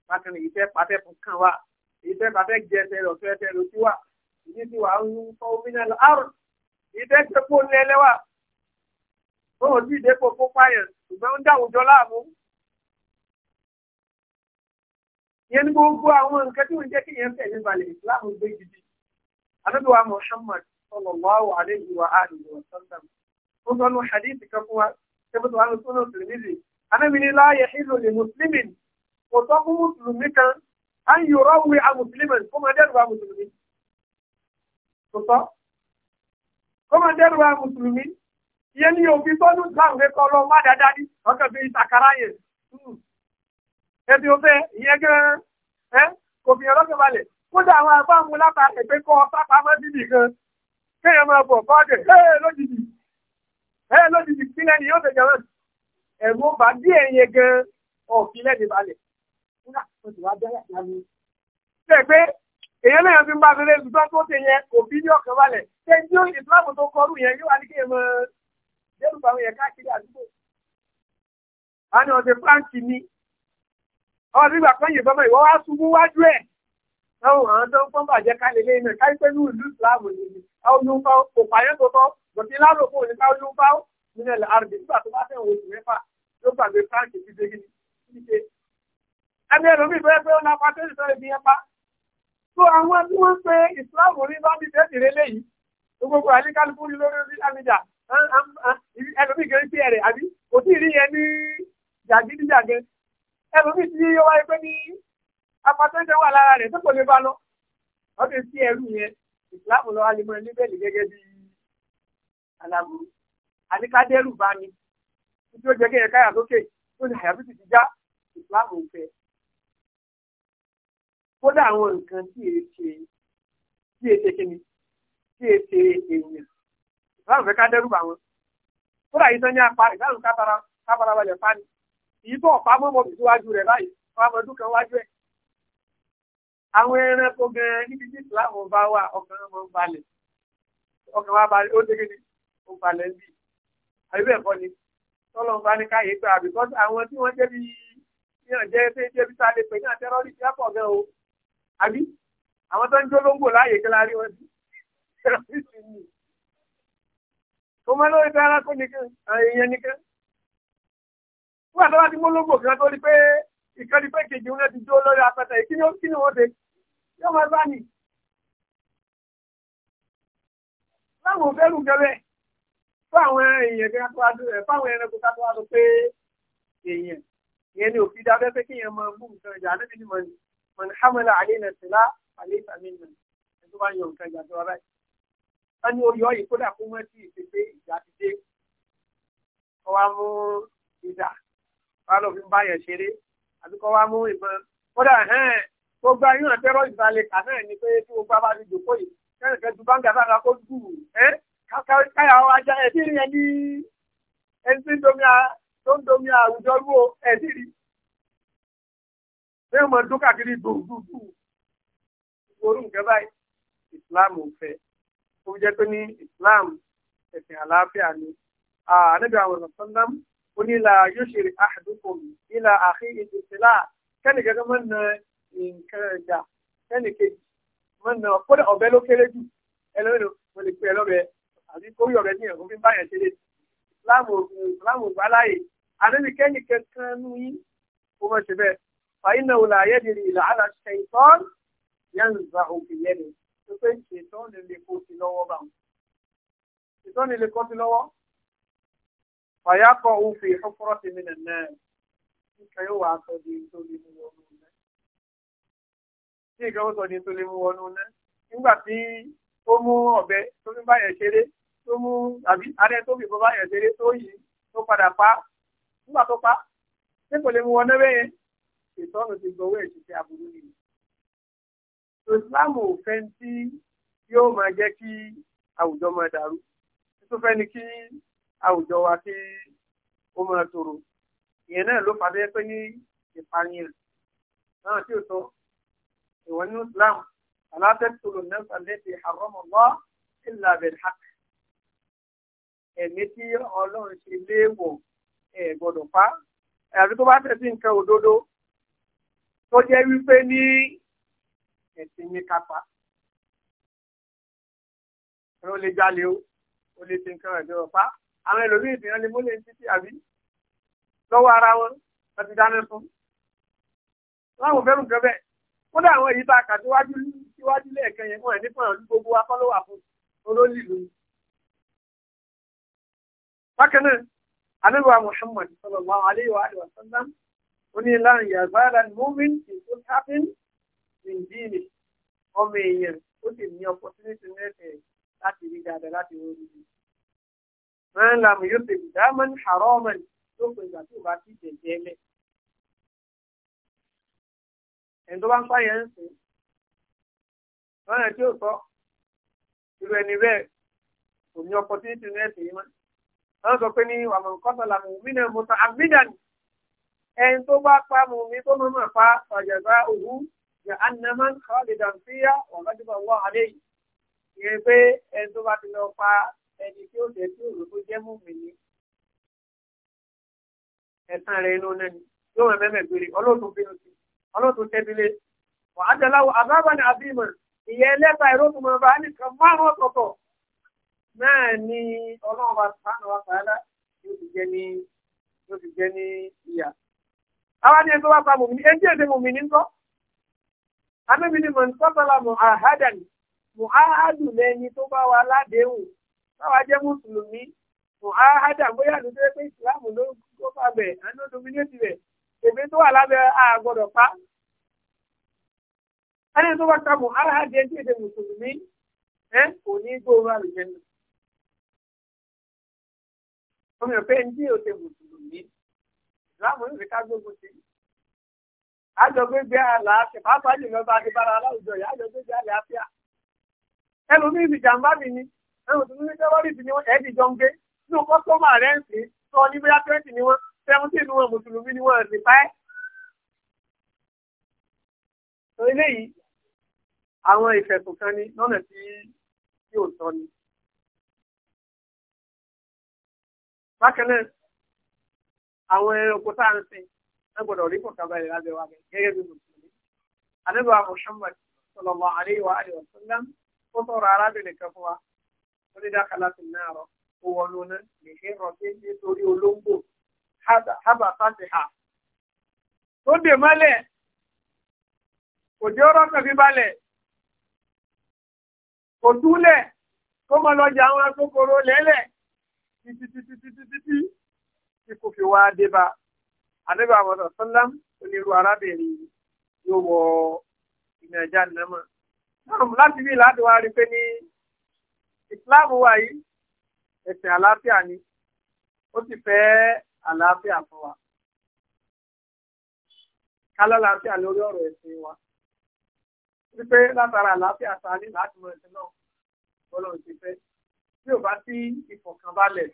bákan èyí fẹ́ pàfẹ́ fún kàn wá èyí fẹ́ pàfẹ́ jẹ ẹsẹ̀ rẹ̀ ọ̀fẹ́ ẹsẹ̀ rẹ̀ sí wà èyí ti wà ń fọ omi náà lọ àrùn èyí fẹ́ ṣe kó ní ẹlẹ́wà bóun sì dépò kó pààyàn ṣùgbọ́n ń dáwùjọ láàmú. ìyẹn ní gbogbo àwọn nǹkan tí anábíwá Muhammad sallallahu alayhi wa alihi wa sallam ó sọ nù hadith kan fún wa tẹ́bùtù wa lọ́sùn náà tìrìmìlì anábì ní láàyè ìlú lè mùsùlùmí kò tọ́ fún mùsùlùmí kan á ń yọ̀rọ̀ wí a mùsùlùmí kó máa dẹ́rù bá mùsùlùmí kò tọ́ kó máa dẹ́rù bá mùsùlùmí ìyẹn kódà àwọn àbámu látàrí pé kọ́ sápamọ́ bíbì kan kéèyàn máa bọ̀ fọ́ọ̀dẹ̀ ẹ́ẹ̀ lójijì ẹ́ẹ̀ lójijì kí lẹ́ni yóò fẹ̀jọ̀ náà ẹ̀rù bá díẹ̀ yẹn gan ọ̀fi lẹ́ni balẹ̀ kódà ó sì wá bẹ́ẹ̀ yàtọ̀ ní. ṣe pé èèyàn náà fi ń bá fẹ́rẹ́ ṣùgbọ́n tó ṣe yẹn òbí ní ọ̀kan balẹ̀ ṣe tí ó ìsìláàmù tó kọrú yẹn yóò wá ní kéèyàn máa dẹ́rùbà àwọn yẹn káàkiri àdúgbò. àná ọ̀sẹ̀ fáǹkì ni ọ̀ táwọn àwọn tó ń pọ́n bàjẹ́ kálẹ̀ lé iná káyí pẹ̀lú ìlú ìsìláàmù nìyí káwọn ló ń fa kò pààyàn tó tọ́ bọ̀dé lárò fún òní káwọn ló ń fa nínú ẹ̀lẹ́ àrùn nígbà tó bá fẹ́ràn oṣù mẹ́fà ló gbàgbé fáǹkì ti dé kíni ṣíṣe. ẹni ẹ̀rọ mi bẹ́ẹ̀ pé ó náà pàṣẹ ìṣọ́ ibi yẹn pa. tó àwọn tí wọ́n pe ìsìláàmù rí bá mi fẹ́ tìrẹ léyìí gbogbo àníkálukú ní lórí orí àmìjà ẹlòmíì kiri sí ẹ̀rẹ̀ àbí kò tí ì rí yẹn ní jàgídíjàgẹ ẹlòmíì ti yọ wáyé pé ní apatẹ́jẹ́ wà lára rẹ̀ tó kò lè bá lọ. wọ́n ti sí ẹrú yẹn ìsìláàmù lọ́wọ́ alimọ̀ níbẹ̀lì gẹ́gẹ́ bí alamu alikadẹ́rù bá ní títí ó jẹ́ kí ẹ̀ka yà sókè tó ní àyàfi ti ti já ìsìláàmù ń fẹ́. kódà àwọn nǹkan tí èé ṣe tí èé ṣe kíni tí èé ṣe èèyàn ìsìláàmù fẹ́ ká dẹ́rù bá wọn. kódà yìí sọ́ni apá ìsìláàmù kábàrà kábàrà balẹ̀ fani ìyí tó ọ̀pá mọ́mọ́ bìtú wájú rẹ̀ báyìí ọmọdún kan wájú ẹ̀ àwọn ẹranko gan níbi tí ìsìláàmù bá wà ọkàn wọn balẹ̀ ọkàn wa balẹ̀ ó dégé ni ó balẹ̀ ń bì àbíbẹ̀ kọ́ ni tọ́lọ́mù bá ní káyé gbà ah, because àwọn tí wọ́n débi yíyan jẹ́ pé débi tá a lè pè ní àtẹ́rọ́rì tí a pọ̀ gan o àbí àwọn tó ń jólóńgbò láàyè kí la rí wọn sí tẹ́rọ́rì sí ni kò mọ lórí tẹ́rọ́rì kò nìkan èèyàn nìkan wọ́n àtọ́wá ti mú lóńgbò kan tó rí pé ìkẹ́ni pé kejì ń lẹ́ti dúró lórí apẹtẹ kí ni wọ́n ṣe yóò máa bá ní. láwọn òfẹ́rù gẹ́gẹ́ fáwọn èèyàn kí fáwọn ẹranko ká tó wá lọ pé èèyàn ìyẹn ni òfin dábẹ́ pé kí èèyàn máa mú nǹkan ìjà níbi ni mọ̀ni mọ̀ni hamala àlẹ́ náà sí lá àlẹ́ ìsàmì náà ẹ̀ tó nǹkan ìjà tó wá báyìí. wọ́n ní oyè ọ̀yìn kódà fún wọn tí ìṣe pé ìjà ti dé ọwọ́ mú ìjà wọ́n lọ fi ń bá yẹn ṣeré àbí kọ́ wá mú ìbọn kódà gbogbo ayé náà tẹ́rọ ìsàlẹ̀ kà náà ni pé tí gbogbo abá ti jòkó yìí kẹ́rin kẹ́ ju báńgà sára kó dù ẹ́ káyà wá já ẹ̀sìn rí ẹni ẹni tó ń domi àwùjọ rú ẹ̀sìn rí ṣé o máa dún káàkiri gbòǹgbòǹgbò orú nǹkan báyìí Islam ò fẹ́ ó jẹ́ pé ní Islam ẹ̀sìn àlàáfíà ni àníbi àwọn ọ̀sán náà onílà yóò ṣe rí àdúgbò ìlà àfi ìdìsílà kẹ́nì kẹ́kẹ́ mọ́ na nǹkan ẹ̀dà kẹ́nì kejì mọ́ na kódà ọ̀bẹ ló kéré jù ẹlẹ́nu mo lè pe ẹlọ́bẹ àbí kórè ọ̀rẹ́ ní ẹ̀kọ́ fi ń báyẹn ṣeré láàmú ògbà láàyè àdébí kẹ́nì kankan nú yín kó mọ̀ ṣe bẹ́ẹ̀ fàyín náà wòlà ayédèrè ìlà àlà ṣẹ̀tọ́n yẹn zà òkè yẹn ni pé ṣètọ́n lè kó sí lọ́wọ́ fàyàkọ̀ òfin ìfọ́fọ́rọ́ ti mi nìyẹn nǹkan yóò wá sọ di tó lè mú wọnú iná nǹkan yóò sọ di tó lè mú wọnú iná nígbà tí ó mú ọ̀bẹ tó fi báyẹn ṣeré tó mú àbí adé tó fi báyẹn ṣeré tó yìí tó padà pa nígbà tó pa ṣé kò lè mú wọnú ẹbẹ yẹn ìtọ́nù ti gbowó ìṣiṣẹ́ aburú nìyí. ìsìláàmù fẹ́ tí yóò máa jẹ́ kí àwùjọ máa dàrú tó fẹ́ ni kí àwùjọ wa kí ó máa tòrò ìyẹn náà ló fàdé pé ní ìpànìyàn náà tí ò sọ ìwọ ní Islam alátẹ́tòlò nẹ́fà lẹ́tì àrọ́mọ̀lá ìlà bẹ̀rẹ̀ ẹ̀mí tí Ọlọ́run ṣe léèwọ̀ ẹ̀ gbọ́dọ̀ pa àbí tó bá tẹ̀sí nǹkan òdodo tó jẹ́ wípé ní ẹ̀sìn ní kápá ó lè jalè o ó lè ti nǹkan ẹ̀dọ̀ pa àwọn ẹlòmíì ìdìyàn lè múlẹ̀ ní títí àbí lọ́wọ́ ara wọn àti dáná fún. láwọn fẹ́ràn kan bẹ́ẹ̀ wọ́n dá àwọn èyí tá a kà síwájú síwájú lẹ́ẹ̀kan yẹn wọ́n ẹ̀ nípa ọ̀dún gbogbo wa fọ́lọ́wà fún olólì lóyún. bákan náà anábíwá Muhammad sallallahu alayhi wa sallam oní láàrin yàgbára mómin ìlú tábìn nìjírí ọmọ èèyàn ó sì ní ọpọtúnítì mẹ́fẹ̀ẹ́ láti rí dáadáa láti wọ́n rí i máa ń lamù yóò fi ìdámọ́ ní àrọ́ọ̀mọ̀ tó pè ìgbà tí ò bá ti jẹ̀jẹ̀ lẹ̀. ẹni tó bá ń pààyàn ń sìn lọ́nà tí ò sọ irú ẹni bẹ́ẹ̀ kò ní opportunity ní ẹ̀sìn yìí mọ́. wọ́n sọ pé ní àmọ̀ kọ́sọ̀ làmù mí náà mo tán àbídàní ẹni ẹni tí ó jẹ́ tí òun tó jẹ́ mùmí ni ẹ̀sán rẹ̀ inú náà ni yóò rẹ̀ mẹ́mẹ́ gbére ọlọ́tún bínú sí ọlọ́tún tẹ́bílé wà á jẹ́láwọ̀ àbábà ní àbímọ̀ ìyẹn ẹlẹ́ta ìrókùn mọ̀ bá nìkan márùn ọ̀tọ̀ọ̀tọ̀ náà ni ọlọ́run bá sàánù wa sàálà yóò ti jẹ́ ní yóò ti jẹ́ ní ìyà. àwa ni ẹni tó bá pa mùmí ní ẹni tí mùmí ní ńkọ́ anábìnrin mọ̀ ní sọ́tọ̀lá mọ̀ àhádàn mọ̀ áhádùn lẹ́ni tó bá wa ládéhùn báwa jẹ́ mùsùlùmí mùháhádà bóyá ló dé pé ìsìláàmù ló kó fà bẹ̀ àná dominate rẹ̀ èmi tó wà lábẹ́ àgbọ̀dọ̀ pa. ẹni tó bá ta mùháhádà ẹni tí èdè mùsùlùmí ẹ kò ní gbóòórùn àlùjẹ náà. omi ò fẹ́ ní tí òde mùsùlùmí ìsìláàmù yóò fi ká gbógun sí i. àjọgbégbé àlàáfíà pàápàá jùlọ bá ti bára aláwùjọ yìí àjọgbégbé àlàáfíà ẹlòmíì ìjàmbá mi ni ẹ̀rùn tó ní tẹ́wọ́rìsì ni wọ́n ẹ̀ẹ́dì jọ ń gbé nínú kọ́sọ́mà rẹ̀ ń sìn sọ ní bóyá twenty ni wọ́n seventeen ni wọ́n mùsùlùmí ni wọ́n rì páẹ́. sọ eléyìí àwọn ìfẹ̀sùn kan ni lọ́nà tí yóò sọ ni. bákan náà àwọn ẹranko tá à ń sìn ẹ gbọ́dọ̀ rí fọ̀kànbalẹ̀ lábẹ́ wa gẹ́gẹ́ bí mùsùlùmí. àdébà Muhammad sallallahu alaihi wa alihi wa sallam ó sọ̀rọ̀ arábìnrin kan fún wa wọ́n ní dákàlá sí náà rọ ó wọnú náà lè ṣe rọ sí nítorí olóńgbò hábà sáti hà tó dè mọ́lẹ̀ òjò ọ̀rọ̀ kan fi balẹ̀ kò túlẹ̀ kó mọ lọ́jà àwọn akókòrò lẹ́lẹ̀ títítítítítí tí kò fi wá dé bá àdébà àwọn ọ̀sánlám onírú arábìnrin yóò wọ ìmọ̀ ẹ̀já nàmọ̀ láti bí láti wá rí pé ní ìsìláàmù wa yìí ẹ̀sìn àlàáfíà ni ó ti fẹ́ àlàáfíà fún wa kálálàáfíà lórí ọ̀rọ̀ ẹ̀sìn wa wípé látara àlàáfíà ta ní láti mọ ẹ̀sìn náà bọ́lọ̀ ti fẹ́ tí ò bá sí ìfọ̀kànbalẹ̀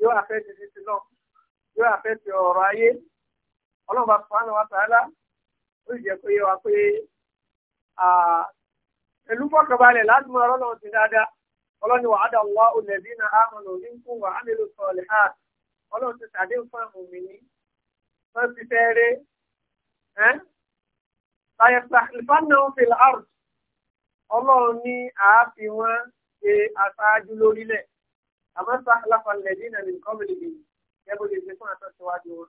yóò afẹ́ ti ti náà yóò afẹ́ ti ọ̀rọ̀ ayé ọlọ́run bá fún wa tààlà ó sì jẹ́ pé yẹ wa pé pẹ̀lú fọ̀kànbalẹ̀ láti mọ ọ̀rọ̀ ti dáadáa ọlọ́ni wà á dà wá olè bí na àmọ̀nà oníkùn wà á nílò sọ̀lẹ̀ hà ọlọ́run ti sàdéhùn fún àwọn òmìnir wọ́n ti fẹ́ ré ẹ́ ṣàyẹ̀fà ìfànà òfin àrùn ọlọ́run ní àáfi wọn ṣe aṣáájú lórílẹ̀ àmọ́ sàlàfà lẹ́dí náà ní nǹkan bìlì bìlì ẹ̀bùn lè ṣe fún àtọ́síwájú wọn.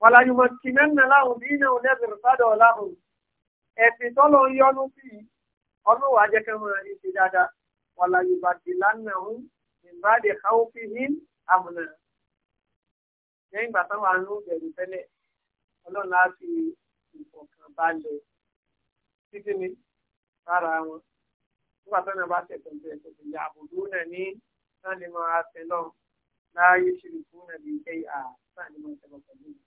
wàlàyùmọ̀ kìnnẹ́nà láhùn bí náà lẹ́bìrì sádọ̀ láhùn ẹ̀sìn tọ́lọ́ yọnu sí ọdún wàá jẹ́ kẹ́mọ́ ẹ̀ṣẹ̀ dáadáa wàlá yorùbá di lánàá ń ìbáde káwọ́fì hìn àmùnà. lẹ́yìn ìgbà táwọn àánú bẹ̀rù tẹ́lẹ̀ ọlọ́run á fi ìfọ̀kànbalẹ̀ títí ní lára wọn. nígbà tó náà bá tẹ̀sán bẹ̀rẹ̀ tó fi yà àbùdó náà ní náà lè máa tẹ̀ lọ láàyè ṣìlìkú náà lè jẹ́ ìhà náà lè máa tẹ̀ lọ pẹ̀lú mi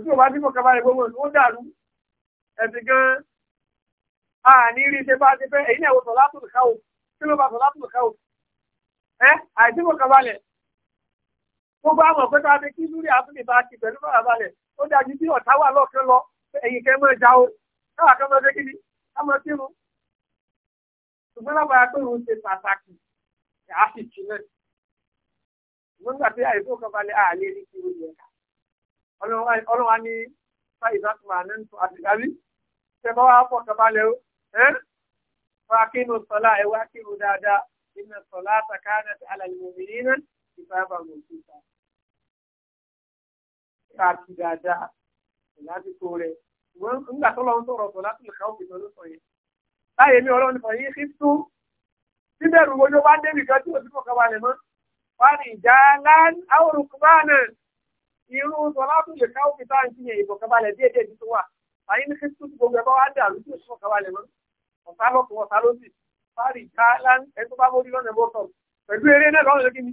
tí o bá dìbò kaba rẹ̀ gbogbo ó dàrú ẹ̀sìn gan a ní rí ṣe bá ti fẹ́ èyí náà wò sọ látòlù káwò kí ló bá sọ látòlù káwò ẹ àìsíbò kaba lẹ̀ gbogbo àmọ̀ pé ká fi kí lórí àtúndì bá ti pẹ̀lú bàbá balẹ̀ ó dájú bí ọ̀tá wà lọ́ọ̀kan lọ ẹ̀yìn kẹ́ mọ́ ẹja o káwà kẹ́ mọ́ ẹjẹ́ kí ni ká mọ́ sínú ṣùgbọ́n lábàá pé òun ṣe pàtàkì àásìkì náà nígbà tí àìsíbò kaba lẹ̀ àlè ní kí o yẹ ká ọlọ́run wa ní fáyì sátúmọ̀ ànẹ́ntù àbí ṣẹ̀bọ́ wa pọ̀ kàbálẹ̀ o ẹ́ wá kínú sọlá ẹ wá kínú dáadáa inna sọlá sàkánà ti alàlùmọ̀mí nínú ìfàbà mọ̀tìta. ká ti dáadáa ìlàsìkò rẹ̀ ṣùgbọ́n nígbà tó lọ́n sọ̀rọ̀ sọ̀lá tó lè káwọ́ ìtọ́jú sọ yẹn. láyé mi ọlọ́run fọ̀ yín kí tú síbẹ̀rù mojú bá dé nìkan tí òsì fọ̀kàbalẹ̀ mọ́ wá ní ìjà lán áwòrán kúbánà irú sọlátù lè káwọ́ fi táwọn ìṣiyẹn ìfọ̀kànbalẹ̀ díẹ̀ díẹ̀ ti tó wà àyín ní kristu gbogbo ẹ̀kọ́ wá dàrú tí òṣìṣẹ́ ìfọ̀kànbalẹ̀ mọ́ ọ̀sá lọ́kùn ọ̀sá lọ́sì fárì káàlán ẹ̀tọ́ bá mórí lọ́nà ẹ̀bọ̀ kan pẹ̀lú eré náà lọ́nà lókè mi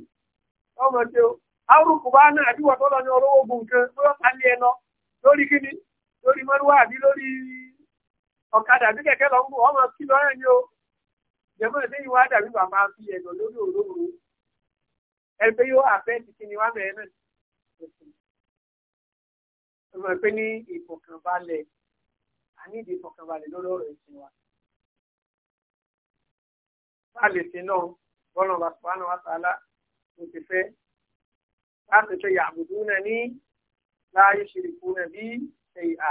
ọmọ ṣe o arúgbó bá náà àdúgbò tó lọ ní ọlọ́wọ́ ogun nǹkan tó yọ sálẹ̀ ẹ lọ lórí kíni lórí mọ́rúwá àbí lórí ọ̀kadà bí kẹ̀kẹ́ lọ ń gùn ọmọ kí lọ́rẹ̀ ni o jẹ̀mọ́ ẹ̀dẹ́ yìí wá dàbí bàbá fi ẹ̀dọ̀ lórí òróró ẹ pé yóò àfẹ́ ti kíni wá mẹ́rin náà ọmọ pé ní ìfọkànbalẹ̀ àníìdí ìfọkànbalẹ̀ lórí ọ̀rọ̀ ìsìn wa. bá a lè sin náà bọ́lá ọba sùpánù wa sàálà mo ti fẹ́ bá a ti fẹ́ yàgùdú náà ní láàyè ṣèlú náà bí ẹ̀yà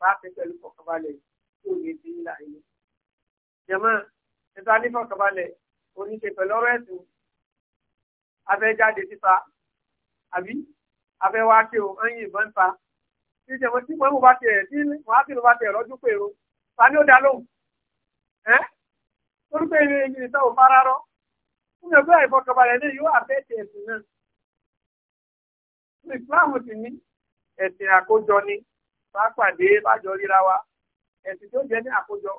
bá a ti pẹ̀lú ìfọkànbalẹ̀ tó lè di ìlà ilé. jẹ̀mọ́ ẹ̀ta ní ìfọkànbalẹ̀ oníṣe pẹ̀lú ọ̀rọ̀ ẹ̀sìn afẹ́ jáde àbí afẹ́ wá kí ń yìnbọn ta ìjẹ̀mọ̀ tí mọ̀ọ́mù bá tiẹ̀ tí mọ̀ákìlù bá tiẹ̀ lọ́jú pèrò ta ni ó dá lóhùn ẹ́ torí pé ilé ìyìn ìtàn ò fara rọ fún mi ò bẹ́ẹ̀ ìfọkànbalẹ̀ ní yóò àfẹ́ẹ̀tì ẹ̀sìn náà fún ìsìláàmù sì ní ẹ̀sìn àkójọ ni bá pàdé bá jọ ríra wa ẹ̀sìn tó jẹ́ ní àkójọ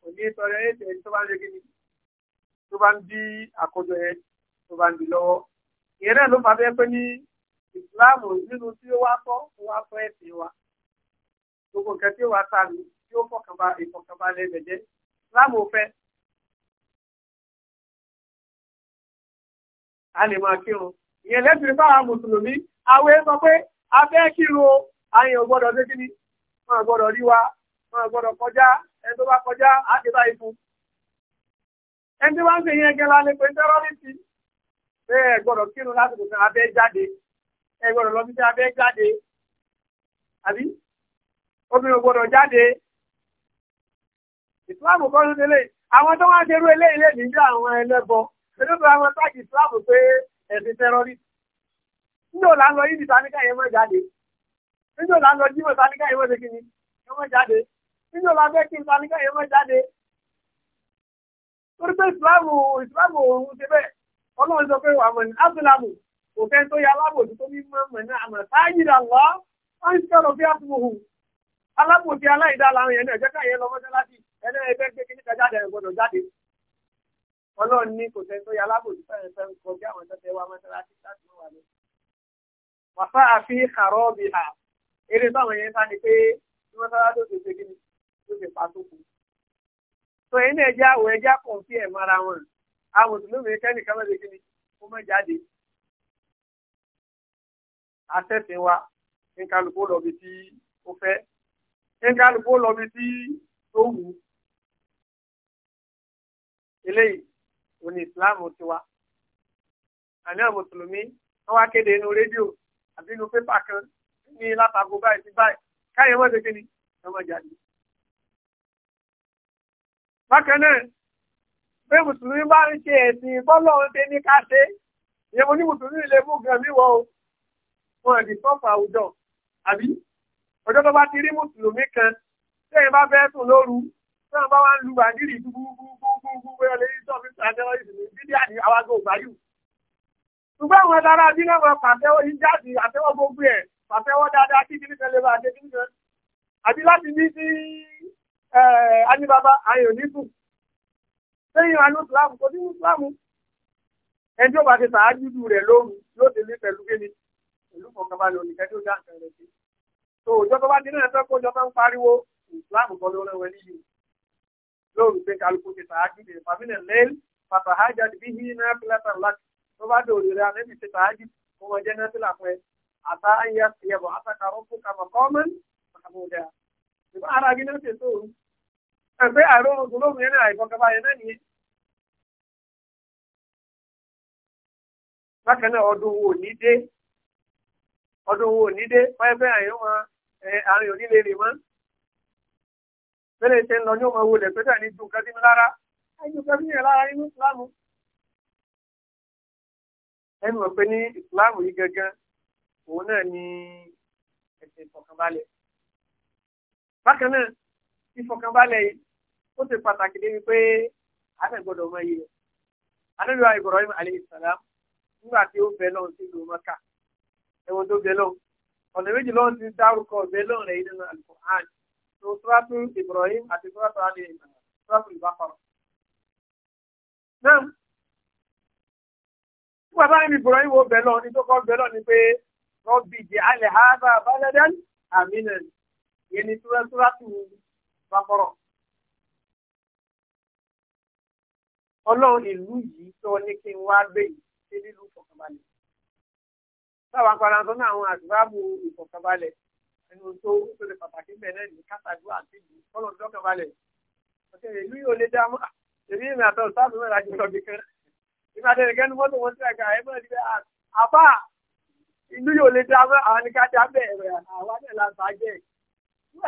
kò ní tọrẹ ẹ̀sìn ẹni tó bá ń lé kíni tó bá ń bí àkójọ yẹn tó bá ń bí lọ́wọ́ ìyẹn náà ló fà bẹ́ẹ̀ pé ní ìsìláàmù nínú tí ó wá tọ́ ó wá tọ́ ẹ̀sìn wa gbogbo nǹkan tí ó wá ta mi tí ó fọkànba ìfọkànbalẹ̀ ẹ̀bẹ̀ jẹ́ ìsìláàmù ò fẹ́. a lè máa kírun ìyẹn lẹ́sìn báwa mùsùlùmí àwọn ẹ sọ pé a fẹ́ kírun o àyàn ò gbọ́dọ̀ débi ni wọn ò gbọ́dọ̀ rí wa wọn ò gbọ́dọ̀ kọjá ẹni tó bá kọjá á ti báyìí fún ẹni tí wọ́n ń ṣe yẹn gẹ́gẹ́ lálẹ́ pé tẹ́rọ́rìsì ẹ gbọ́dọ̀ kírun lásìkò kan abẹ́ jáde ẹ gbọ́dọ̀ lọ sí abẹ́ jáde àbí obìnrin gbọ́dọ̀ jáde ìsìláàmù kan ló délé àwọn tó wá ṣe irú eléyìí lè níbi àwọn ẹlẹ́bọ ẹlẹ́bọ àwọn táàgì ìsìláàmù pé ẹ̀sìn tẹ́rọ́rì níjọ́ là ń lọ yídì táníkà yẹn mọ́ jáde níjọ́ là ń lọ jímọ̀ táníkà yẹn mọ́ ṣe kíni yẹn mọ́ jáde níjọ́ là ń fẹ́ kí táníkà yẹn mọ́ jáde torí pé ìsìláàmù ìsìláàmù òun ṣe bẹ́ẹ̀ ọlọ́run sọ pé wàá mọ̀ ní ábùlámù kò fẹ́ tó yẹ alábòjú tó ní mọ̀mọ̀ náà àmọ̀ sáyé làlọ́ wọ́n ń sọ̀rọ̀ bí àtúnwò alábòjú aláìdá làwọn yẹn náà ẹ̀jẹ̀ káyẹn lọ mọ́sálásí ẹ̀nà ẹgbẹ́ gbé kíníkà jáde ẹ̀ gbọ́dọ̀ jáde ọlọ́run ní kò fẹ́ tó yẹ alábòjú fẹ́ẹ́ fẹ́ kọ bí àwọn tẹ́tẹ́ wa mọ́sálásí láti mọ́ wà lọ. wàfà àfi kàrọ́ bí a eré táwọn yẹn sáni pé bí mọ́sálásí ó ti ṣe kíni ó ti pa tó atẹ́sìn wa nkálukú lọ́bi tí ó fẹ́ nkálukú lọ́bi tí ó wù ú eléyìí òní ìsìláàmù tiwa àní àwọn mùsùlùmí wọn wá kéde inú rédíò àbí inú pépà kan ní látago báyìí sí báyìí káyọ̀ mọ́ ṣèkéni ọmọ jáde. bákan náà pé mùsùlùmí bá ń ṣe ẹ̀sìn bọ́lọ̀ ń ṣe ní ká ìyẹn mo ní mùsùlùmí lè mú gan mi wọ o wọn àti sọ́ọ̀fù àwùjọ àbí ọjọ́ tó bá ti rí mùsùlùmí kan tẹ́yìn bá fẹ́ sùn lóru tẹ́yìn bá wá ń lu bàndírì gbúgbúgbúgbú bóyá lè sọ fún sàtẹ́rọ́ìsì ní bíbí àti àwágò gbáyù. ṣùgbọ́n àwọn dára bí náà máa pàtẹ́wọ́ yín jáde àtẹ́wọ́ gbogbo ẹ̀ pàtẹ́wọ́ dáadáa kí kí nìkan lè bá àti nìkan. àbí láti ní sí anibaba ayò nítù sẹ́yìn anú sùlámù kò sí mùsùlámù ẹni tí sàájú rẹ̀ lóru yóò ti ní pẹ̀lú kéde pẹ̀lú fọkànbalẹ̀ oníkẹ́ tó dá nǹkan rẹ̀ sí. tó òjò tó bá dín náà tán kójọ máa ń pariwo ìsìláàmù kan ló rán wọn níyì lóòrù pé kálukú ti tààjú lè fàmílẹ̀ lẹ́l pàtàhájà bí hí náà pílátà láti tó bá dòrò rẹ̀ àmẹ́bí ti tààjú kó wọn jẹ́ náà tí làpẹ́ àtà ayé ṣìyẹ̀bọ̀ àtàkàrọ̀ fún kàmọ̀ kọ́mọ́n àbúdá ìbá ara gí náà ṣe sóòrù ẹgbẹ́ àìrórun tó lóòrù yẹn náà àìfọkànbá yẹn náà nìyẹn. bákan náà ọdún wo ní dé ọdún wo ní dé pẹ́ẹ́pẹ́ àyẹ̀wò wọn àárín onílé rè mọ́. bẹ́ẹ̀ ṣe ń lọ ní ọmọ owó rẹ̀ pẹ́ẹ́pẹ́ ní ju kẹ́bí lára ju kẹ́bí yẹn lára nínú ìsìláàmù. ẹnu mọ̀ pé ní ìsìláàmù yìí gangan òun náà ni ẹ̀sìn ìfọ̀kànbalẹ̀. bákan náà ìfọ̀kànbalẹ̀ yìí ó ti pàtàkì débi pé àtẹ̀gbọ́dọ̀ mọ iye rẹ̀. anábìwá Ibrahim alayhi salam nígbà tí ó bẹ̀ lọ́run ẹ̀wọ̀n tó bẹ̀lọ̀ ọ̀nà méjì lọ́wọ́ ti dárúkọ bẹ̀lọ̀ rẹ̀ nínú alukur'an tó sọ́ràtú Ibrahim àti sọ́ràtú ali sọ́ràtú ìbáfọ̀rọ̀. náà fún bàbá mi Ibrahim wo bẹ̀lọ̀ ní tó kọ́ bẹ̀lọ̀ ni pé rọ́bì jẹ́ alẹ́ hàbà baladan aminan yẹn ni sọ́ràtú ìbáfọ̀rọ̀. ọlọ́run ìlú yìí sọ ní kí n wá gbé yìí sí nílùú kọ̀ọ̀kan balẹ̀ táwa ń padà sọ́nà àwọn àdúrábù ìfọ̀kànbalẹ̀ ẹnu tó tó lè pàtàkì bẹ́ẹ̀ náà ní kátàdúrà àti ìlú kọ́lọ̀ dọ́kànbalẹ̀ ọ̀sẹ̀ ìlú yóò lè dáa mọ́ èmi ìrìn àtọ̀ sáàbù mẹ́ta jù lọ nìkan ìgbà tẹ̀lé kẹ́nu mọ́tò wọn síra ká ẹ̀mọ́ ìdílé àfà ìlú yóò lè dáa mọ́ àwọn nìkájà bẹ̀rẹ̀ àwọn àtẹ̀ la bàjẹ́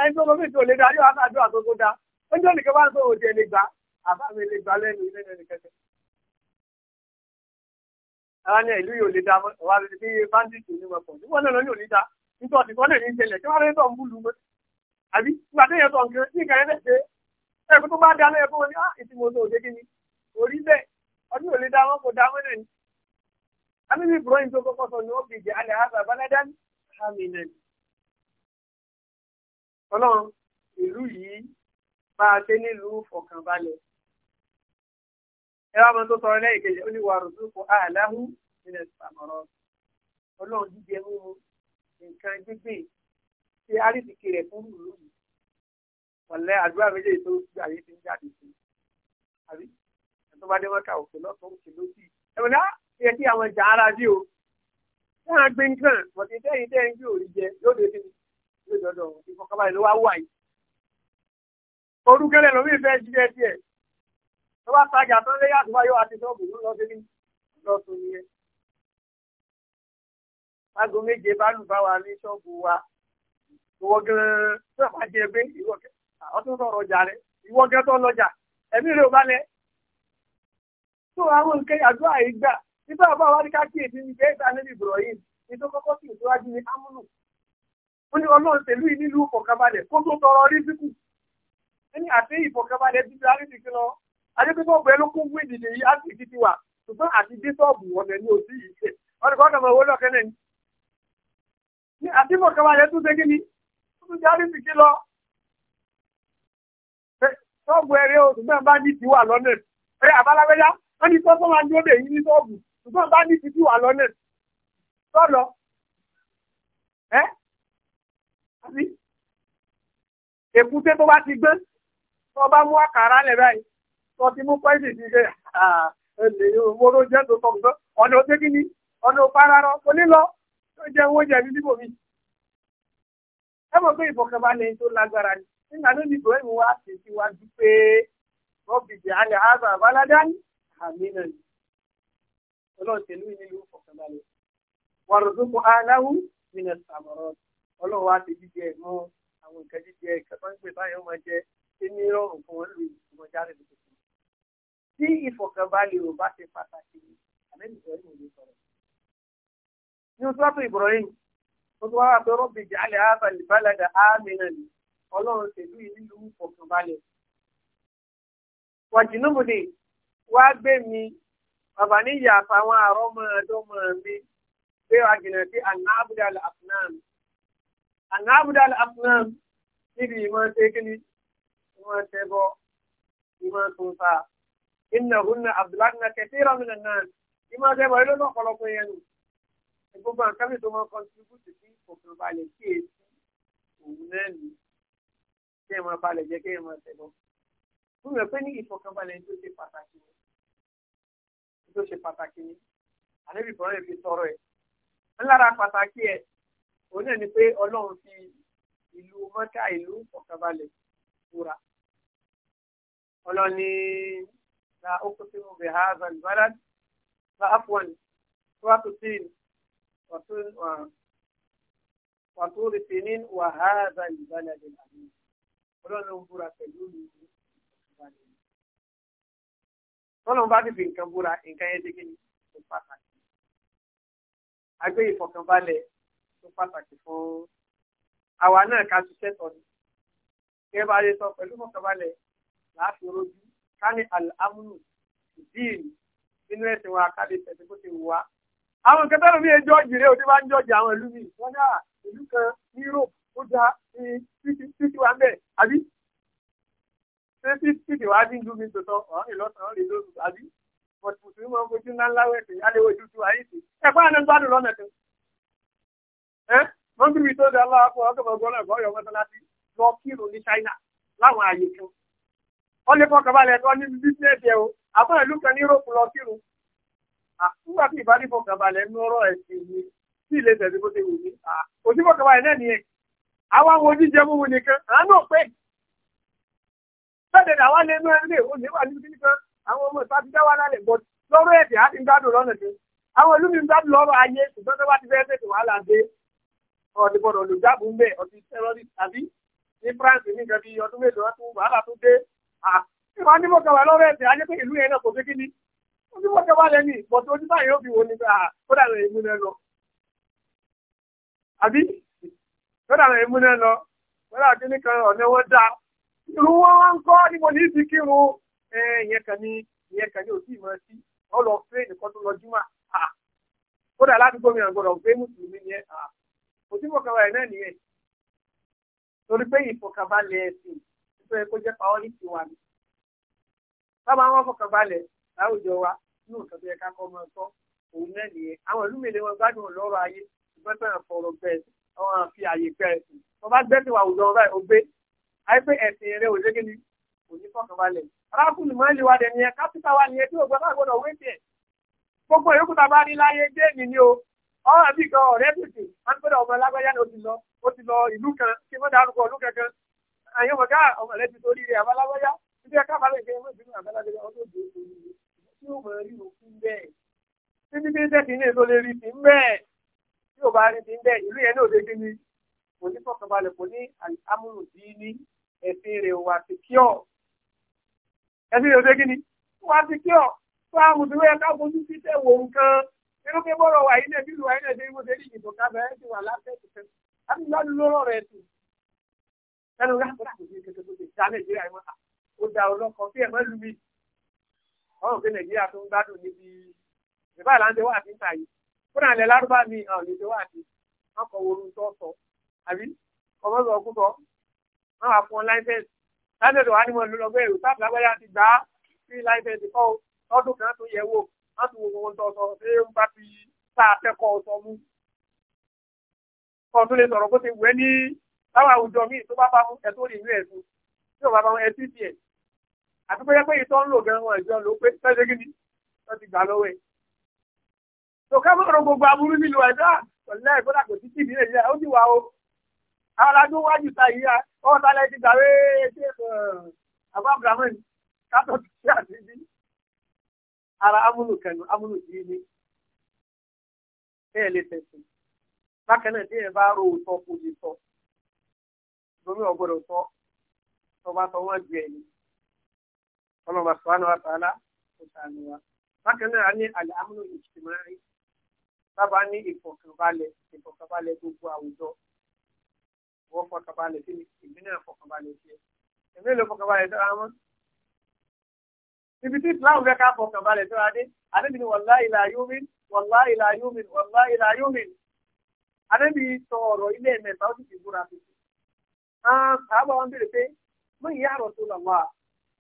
ẹni tó lọ́mí tó lè darí wàhálà àdúrà tó tó dá ó ń jọ́ nìkan bá ń sọ òde ẹni gbà àfà mi lè gbà lẹ́nu ilé ẹni kẹsẹ̀ ara ní ìlú yóò lè da wà lórí bí bandit ní wọn pọ̀ níwọ̀n náà ní òní da nítorí ọ̀sìn kan lè ní ìṣẹ̀lẹ̀ tí wọ́n lè tọ̀ ń búlù mọ́ àbí nígbà tó yẹ tọ̀ ń kiri nígbà yẹn tẹ̀ ẹ̀kú tó bá da lẹ́yìn fún wọn ní ah, ìtìmọ̀tò òde kí ni orí bẹ́ẹ̀ ọdún yóò lè da wọn kò da wọn náà ni. amíbi ìbúrọ́yìn tó kọ́kọ́ sọ ni ó bìjẹ́ alẹ́ àgbà baladan haminan. ọlọ́run ìlú yìí máa ṣe nílùú fọkànbalẹ̀ ẹwà máa ń tó sọ̀rọ̀ lẹ́yìn kejì ó ní wàá rùsùkù àláhù nínú ìsàmọ̀rọ̀ ọlọ́run jíjẹ mímu nǹkan gbígbìn ṣe àríṣìkì rẹ̀ fún ìlú yìí pọ̀lẹ́ àdúrà méjèèjì tó gbé àyè ti ń jáde sí àbí ẹ̀tọ́ bá dé mọ́ta òkè lọ́sọ̀ọ́ òkè lọ́sì ẹ̀wọ̀n náà ah, yẹ kí àwọn ìjà ara bí o wọ́n gbé nǹkan bọ̀dé tẹ́yìn tẹ́yìn bí òòrì jẹ yóò dé tó bá tajà tán lé yàtúbá yóò àti tó bùn lọ síbi lọ sùn nìyẹn. aago méje bá lù bá wa ní ṣọ́ọ̀bù wa ìwọ gan-an tó bá jẹ pé ìwọ kẹ ọtún sọ̀rọ̀ ọjà rẹ ìwọ gan tó lọjà ẹ̀mí rẹ ò bá lẹ. tó àwọn nǹkan àdúrà yìí gbà nígbà bá wa ní ká ní bẹ́ẹ̀ ta níbi Ibrahim ní tó kọ́kọ́ sì ìtúwájú ní amúlù ó ní ọlọ́run tẹ̀lú ìnílùú ìfọ̀kànbalẹ̀ kó tó tọrọ rí síkù ó ní àti ìfọ̀kànbalẹ̀ ti fi arídìí sí lọ adébísọ́ọ̀bù ẹlòkùn wíìdì nìyí àtìkí ti wà ṣùgbọ́n àti bísọ́ọ̀bù ọ̀nà ní òsì yìí ṣe wọ́n ti kọ́ kàmọ́ owó lọ́kẹ́ lẹ́yìn. ní àdìmọ̀ kan wáyé tún ṣe kí ni tún jáde sì kí lọ. sọ́ọ̀bù ẹ̀rẹ́ o ṣùgbọ́n bá ní ti wà lọ́nà ẹ̀ àbálágbẹ́yà wọ́n ní sọ́ọ̀bù máa ń dúró dè yín ní sọ́ọ̀bù ṣùgbọ́n bá ní ti ti wà lọ́nà tó ti mú pẹ́ẹ́sì ti ṣe ẹlẹ́ owóró jẹ́ tó tọ̀ nǹkan ọ̀nà òṣè kí ni ọ̀nà òfararọ onílọ tó jẹ́ owó jẹ ní síbò mi. ẹ mọ̀ pé ìfọ̀kànbalẹ̀ tó lágbára ni nígbà tó ti bọ̀wé mi wá sí síwájú pé rọ́bìdì alẹ́ àgbà baládá ní àmì náà ni ọlọ́ọ̀tẹ̀lú ìnílù ìfọ̀kànbalẹ̀ wà lọ́dúnkù aláwù nínú sàmọ̀rọ̀ ọlọ́wọ́ àti jíjẹ mọ́ àwọn nǹkan jíjẹ ìkàtọ́ ń pè báyọ̀ máa jẹ kí ní rọrùn fún wọn lórí ìmọ̀jáde lókè tí ìfọ̀kànbalẹ̀ ò bá ṣe pàtàkì ni àmẹ́bí ìbọ̀rẹ́ mi lè sọ̀rọ̀. ní oṣù àtò Ibrahim tó tó wá wà pé rọ́bì jàlẹ̀ ábàlì bàlàdà ámìnà ni ọlọ́run ṣèlú yìí nílùú ìfọ̀kànbalẹ̀. wàjìnnúbùdì wá gbé mi bàbá níyà àtàwọn àrọ́mọdọ́mọ mi pé àjìnà sí anábùdà àfúnàm anábùdà àfúnàm níbi ìmọ̀ ṣe kí ni ìmọ̀ ṣe bọ́ ìmọ̀ tó ń sáà innahunna abdulagna kẹsíra mi nàn náà ìmọ̀ ọ̀sẹ̀ bọ̀ ilé náà ọ̀pọ̀lọpọ̀ yẹn nù gbogbo nǹkan mi tó máa kọ́ntribútì sí òfin balẹ̀ kí èsì òun náà nù kí ẹ máa balẹ̀ jẹ́ kí ẹ máa tẹ̀lọ́ fún mi pé ní ìfọkànbalẹ̀ tó ṣe pàtàkì ni tó ṣe pàtàkì ni àlébi bọ́lá ìfi tọrọ ẹ̀ ńlára pàtàkì ẹ̀ òun náà ni pé ọlọ́run fi ìlú mọ́tà ìlú ìfọkànbalẹ̀ fúra ọlọ́ni. لا أقسم بهذا البلد فعفوا سورة الصين وطول السنين وهذا البلد العظيم ọlọ́run búra pẹ̀lú ìlú ìbàdàn tọ́lọ́run bá ti fi nǹkan búra nǹkan yẹn dégé ní tó pàtàkì agbé ìfọ̀kànbalẹ̀ tó pàtàkì fún àwa náà ká ṣiṣẹ́ tọ́ ni kí ẹ bá lè sọ pẹ̀lú ìfọ̀kànbalẹ̀ láàfin rojú kani al-amnu dín nínú ẹ̀sìn wa kálí tẹ̀sí bó ti wà. àwọn nǹkan tẹ́lẹ̀ mi ẹjọ́ jìrẹ́ òde bá ń jọ́jì àwọn ìlú mi wọ́n dà ìlú kan ní Europe ó da ní títí wa ń bẹ̀ àbí ṣé títí wa ní ìlú mi tó tán ọ̀hún ìlọ́sàn-án lè lóru àbí bọ̀dù mùsùlùmí máa ń fojú ńlá ńlá wẹ̀sẹ̀ aléwò dúdú ayé sí ẹ̀fọ́ àná gbádùn lọ́nà kan ẹ́ mọ́bìrì tó dá láàpọ̀ ọkọ̀ ọgbọ́n náà gbọ́ yọ mọ́sálásí lọ kírun ní China láwọn àyè kan wọ́n lè fọkàn balẹ̀ tó ní bísíẹ̀sì ẹ̀ o àbọ̀ ìlú kan ní yúróòpù lọ kírun nígbà tí ìbá ní fọkàn balẹ̀ ń rọ ẹ̀sìn mi sí ilé tẹ̀sí bó ti wù mí òsì fọkàn balẹ̀ náà nìyẹn àwa wo jíjẹ múmu nìkan àánú òpè bẹ́ẹ̀ ni àwa lè nú ẹni lè wọ́n níwà níbi nìkan àwọn ọmọ ìta ti dá wa lálẹ́ bọ́ lọ́rọ̀ ẹ̀sìn á ti ń gbádùn lọ́nà tó àwọn ìlú ń gbádùn lọ́rọ̀ ayé ṣùgbọ́n tó bá ti fẹ́ẹ́ tètè wàhálà dé ọ̀dìbọ̀dọ̀ ìwà ní mo kẹwàá lọ́wọ́ ẹ̀sẹ̀ ajẹ́ pé ìlú yẹn náà kò sí kí ni ó ní mo kẹwàá lẹ́ni bọ̀tí yóò fi wo ni ah, ó dà lọ ìmúná lọ. àbí lọ ìmúná lọ kí ní kan ọ̀nà wọn dá irú wọn wá ń kọ́ mo ní ti kírun ìyẹn kan ní ìyẹn kan ní òsì ìmọ̀ sí fẹ́ nìkan tó lọ júmọ̀ ládùúgbò mi àgbọ̀dọ̀ tó yẹ kó jẹ́ priority wa ni. Báwo àwọn fọkànbalẹ̀ láwùjọ wa nínú nǹkan tó yẹ ká kọ́ máa sọ òun náà nìyẹn. Àwọn ìlú mi lè wọn gbádùn lọ́rọ̀ ayé ṣùgbọ́n tó yàn fọ̀rọ̀ bẹ́ẹ̀ àwọn àfi àyè bẹ́ẹ̀ ẹ̀sìn. Wọ́n bá gbẹ́sìn wà àwùjọ ọ̀rẹ́ ògbé. Ayé pé ẹ̀sìn rẹ̀ ò légé ni kò ní fọkànbalẹ̀. Arákùnrin mọ́ ìlú wa dẹ̀ nìyẹn kápítà wa nìyẹn tí ògbọ́n gbọ́dọ̀ wé tiẹ̀. Gbogbo ìyókù tá a bá rí láyé dé èmi ni o. Ọ̀rọ̀ àbí kan ọ̀rẹ́ tètè, wọ́n gbọ́dọ̀ ọmọ lágbájá ni ó ti lọ ìlú kan kí wọ́n dárúkọ ọdún kankan àyàn mọ̀ká ọmọ rẹ ti torí rẹ̀ abálábáyá níbi ẹ̀ka balẹ̀ ìgbẹ́ ẹ̀mọ́ ìbínú àbálábáyá ọdún òjò òjò tí ó mọ̀ rí òkú bẹ́ẹ̀. títí bí tẹ́tí ní èso lè rí ti ń bẹ́ẹ̀ tí ò bá rí ti ń bẹ́ẹ̀ ìlú yẹn ní òde kíni kò ní fọkànbalẹ̀ kò ní amúlù tí ní ẹ̀sìn rẹ̀ wà sí kíọ̀. ẹ̀sìn rẹ̀ òde kíni wà sí kíọ̀ fún amùsùlùmí ẹ̀ka fojú sí tẹ̀ wò nǹkan inú pé bọ́rọ̀ wà yín náà bí ìlú wà yín náà dé ibo sẹ́nu rákòrá kò sí kékeré kò sí nàìjíríà yìí wọ́n ó da ọlọ́kọ sí ẹ̀mọ́ ìlú mi ọ̀hún pé nàìjíríà tó ń gbádùn níbi ìbá ìlànà wà sí ìta yìí fúnra ilẹ̀ lárúbá mi àwọn ìlú tó wà ọkọ̀ wo orun tó sọ àbí ọmọ sọ kú sọ wọn wà fún láìsẹ̀nsì láìsẹ̀nsì wà ní mo lọ lọ́gbẹ́ èrò sáàpù lágbáyà ti gbà sí láìsẹ̀nsì kọ́ ọdún kan tó yẹ wò wọ́n wo ohun tó sọ ṣé ń bá ti sáà fẹ́ kọ́ ọ sọ mú kọ́ ọ tún lè sọ̀rọ̀ bó ti wẹ́ ní táwọn àwùjọ míì tó bá bá fún ẹ tó rí inú ẹ̀sùn tí ò bá bá fún ẹ títí ẹ̀ àti pé pé ìtọ́ ń lò gan wọn ìjọ ló pé fẹ́ ṣe kí ni wọ́n ti gbà lọ́wọ́ ẹ̀. tó ká mọ̀rọ̀ gbogbo aburú nílùú ẹ̀dá ọ̀lẹ́ ìgbọ́dà kò sí tìbí ẹ̀yà ó ti wà o. àwọn alájọ wájú ta yìí ọwọ́ ta lẹ ti gbàwé ṣe àbá abdulhamid kátó ti ṣe àṣírí. ara amúlù kẹnu amúlù yìí ni ẹ lè tẹ̀sí bákan náà tí ẹ bá lórí ọgbọ́dọ̀ sọ tọba tọwọ́ ju ẹ̀yìn ọlọ́ba sọ́hánà wa tààlà kò sàánù wa. bákan náà ní àlẹ́ amúlò ìjìnlẹ̀ sábà ní ìfọ̀kànbalẹ̀ ìfọ̀kànbalẹ̀ gbogbo àwùjọ wọ́n fọ̀kànbalẹ̀ sí ìbí náà fọ̀kànbalẹ̀ sí ẹ̀ ẹ̀mí ló fọ̀kànbalẹ̀ sára wọn. ibi tí Islam fẹ́ ká fọ̀kànbalẹ̀ sára dé àdébí ni wàláì là yúmin wàláì là yúmin wàláì là yúmin àdébí sọ ọ̀rọ̀ ilé ẹ̀mẹ́ta ó sì ti búra tuntun. Ah, àbá wọn béèrè pé mọ ìyá àrò tó lọ wá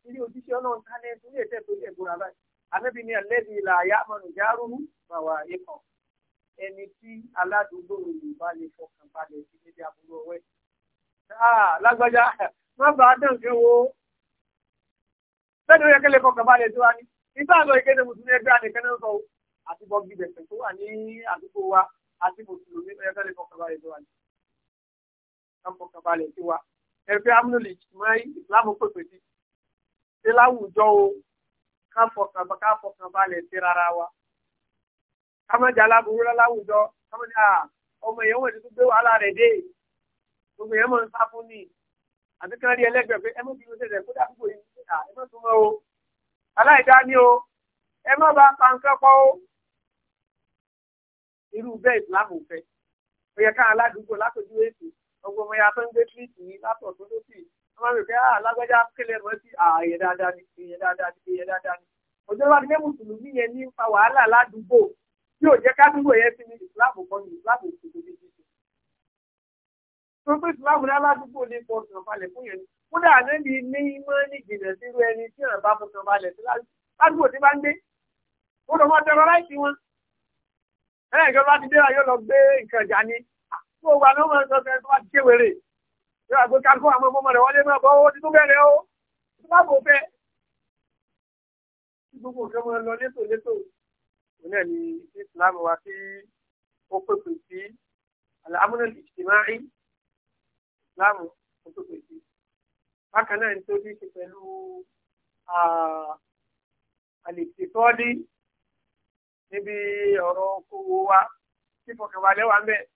ilé òjíṣẹ́ Ọlọ́run tálẹ nítorí ẹsẹ tó lè gbóra báyìí àbẹbí ni ẹlẹbi ìlà àyà mọnù járùrù bàwà ikàn ẹni tí aládùúgbò Yorùbá lè fọkàn balẹ̀ sí níbi àbúrò ọwẹ. Ah, lágbájá má bàa dàn kí wo sẹ́ni ó yẹ kẹ́lẹ́ fọkàn balẹ̀ tó wá ní ìgbà àgbọ̀ ìkéde mùsùlùmí ẹgbẹ́ àdìkẹ́ náà sọ àti bọ́ọ̀gì bẹ̀sẹ̀ tó wà ní àdúgbò wa àti mùsùlùmí ẹgbẹ́ lè fọkàn balẹ̀ tó wá ní àfọkànbalẹ̀ sí wa ẹgbẹ́ amúnulè mọ́ ìsìlámù pèpè sí ṣé láwùjọ o káfọkànbalẹ̀ sí rárá wa kámẹ́jà aláburú láwùjọ kámẹ́jà ọmọ èèyàn wọ̀nyí tó gbé wàhálà rẹ̀ dé gbogbo èèyàn mọ̀ ń sá fún ni àti kan rí ẹlẹ́gbẹ̀ẹ́ pé ẹ mọ̀ bí mo ṣe rẹ̀ kó dàbí kò yí ẹ mọ̀ tó mọ́ o aláìdá ni o ẹ má bá pa nǹkan pọ̀ o irú bẹ́ẹ̀ ìsìlámù fẹ́ ó yẹ káwọn aládùúgbò lápèjúwe ètò ọgbọ́n ọmọ ya fẹ́ ń gbé tíríìtì yìí látọ̀ tó tó sì wọ́n máa ń rò pé alágbájá ah, kéle mọ́ sí ààyè ah, dáadáa ni èèyàn dáadáa ni èèyàn dáadáa ni òjò bá ti dé mùsùlùmí yẹn ní fa wàhálà ládùúgbò tí ò jẹ́ kádùúgbò yẹn sí ní ìsìláàmù kan ní ìsìláàmù kò tó dédé sí. tó pé ìsìláàmù ní aládùúgbò ní pọ̀ balẹ̀ fún yẹn kódà ànábì ní mọ́ ní jìnnà sírú ẹni tí ọ̀nà bá fọkàn balẹ̀ sí ládùúgbò tí bá ń gbé kó wà ní ọmọ ẹ̀sọ́ ẹ̀sọ́ bá ti wèrè yóò àgbé kánkó àwọn ọmọ rẹ̀ wọlé máa bọ́ owó títún bẹ̀rẹ̀ o tó bá bò bẹ́ẹ̀. tí gbogbo nǹkan máa lọ létò létò òun náà ni Islam wa tí ó pèpè sí alámúnà ìṣìmáì Islam ó pèpè sí. bákan náà nítorí ṣe pẹ̀lú àlèkìtọ́lì níbi ọ̀rọ̀ okòwò wa tí fọkànbalẹ̀ wà ń bẹ́ẹ̀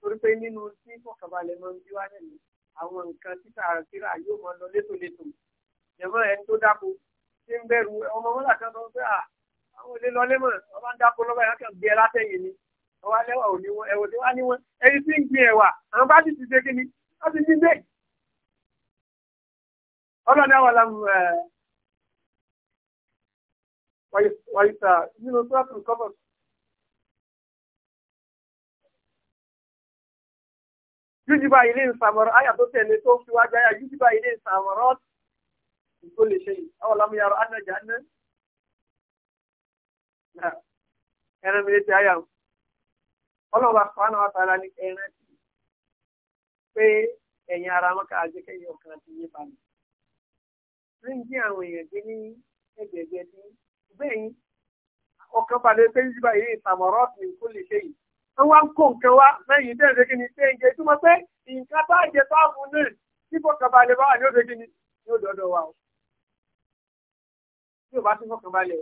torí pé nínú tí fọkànbalẹ̀ máa ń bí wá nìyí àwọn nǹkan títà síra yóò máa lọ létòlétò jẹ̀mọ́ ẹni tó dáko tí ń bẹ̀rù ọmọ wọn làkàn sọ pé àwọn olè lọ lẹ́mọ̀ ọba ń dáko lọ́wọ́ ẹ̀ka bí ẹ látẹ̀yìn ni ọba lẹ́wà ò ní wọn ẹ̀wọ̀ tí wá ní wọn ẹni tí ń gbin ẹ̀wà àwọn bá ti ti ṣe kí ni wọ́n ti ní bẹ́ẹ̀. ọlọ́ni àwọn làm wáyé sà nínú sọ́ọ̀tù kọ́fọ̀tù yújúbà ilé ìsàmọ̀rọ̀ àyà tó tẹ̀lé tó fi wájú àyà yújúbà ilé ìsàmọ̀rọ̀ tó lè ṣe yìí àwọn lámúyàrá anájà ń ná ẹran mi létí àyà ọlọ́wà fana wàtàlá ní ẹran tí pé ẹ̀yìn ara wọn kàá jẹ́ kẹ́yìn ọ̀kan ti yé balẹ̀ ní ń jí àwọn èèyàn dé ní ẹgbẹ̀gbẹ̀ ní bẹ́ẹ̀ ọkàn balẹ̀ pé yújúbà ilé ìsàmọ̀rọ̀ tó lè ṣe yìí wá ń kó nǹkan wá lẹ́yìn tẹ́ ẹ̀ ṣe kí ni ṣe ń jẹ túmọ̀ pé nǹkan bá jẹ fáàmù náà tí fọkànbalẹ̀ bá wà ní òṣèkí ni ní òdòdó wa o. tí o bá tún fọkànbalẹ̀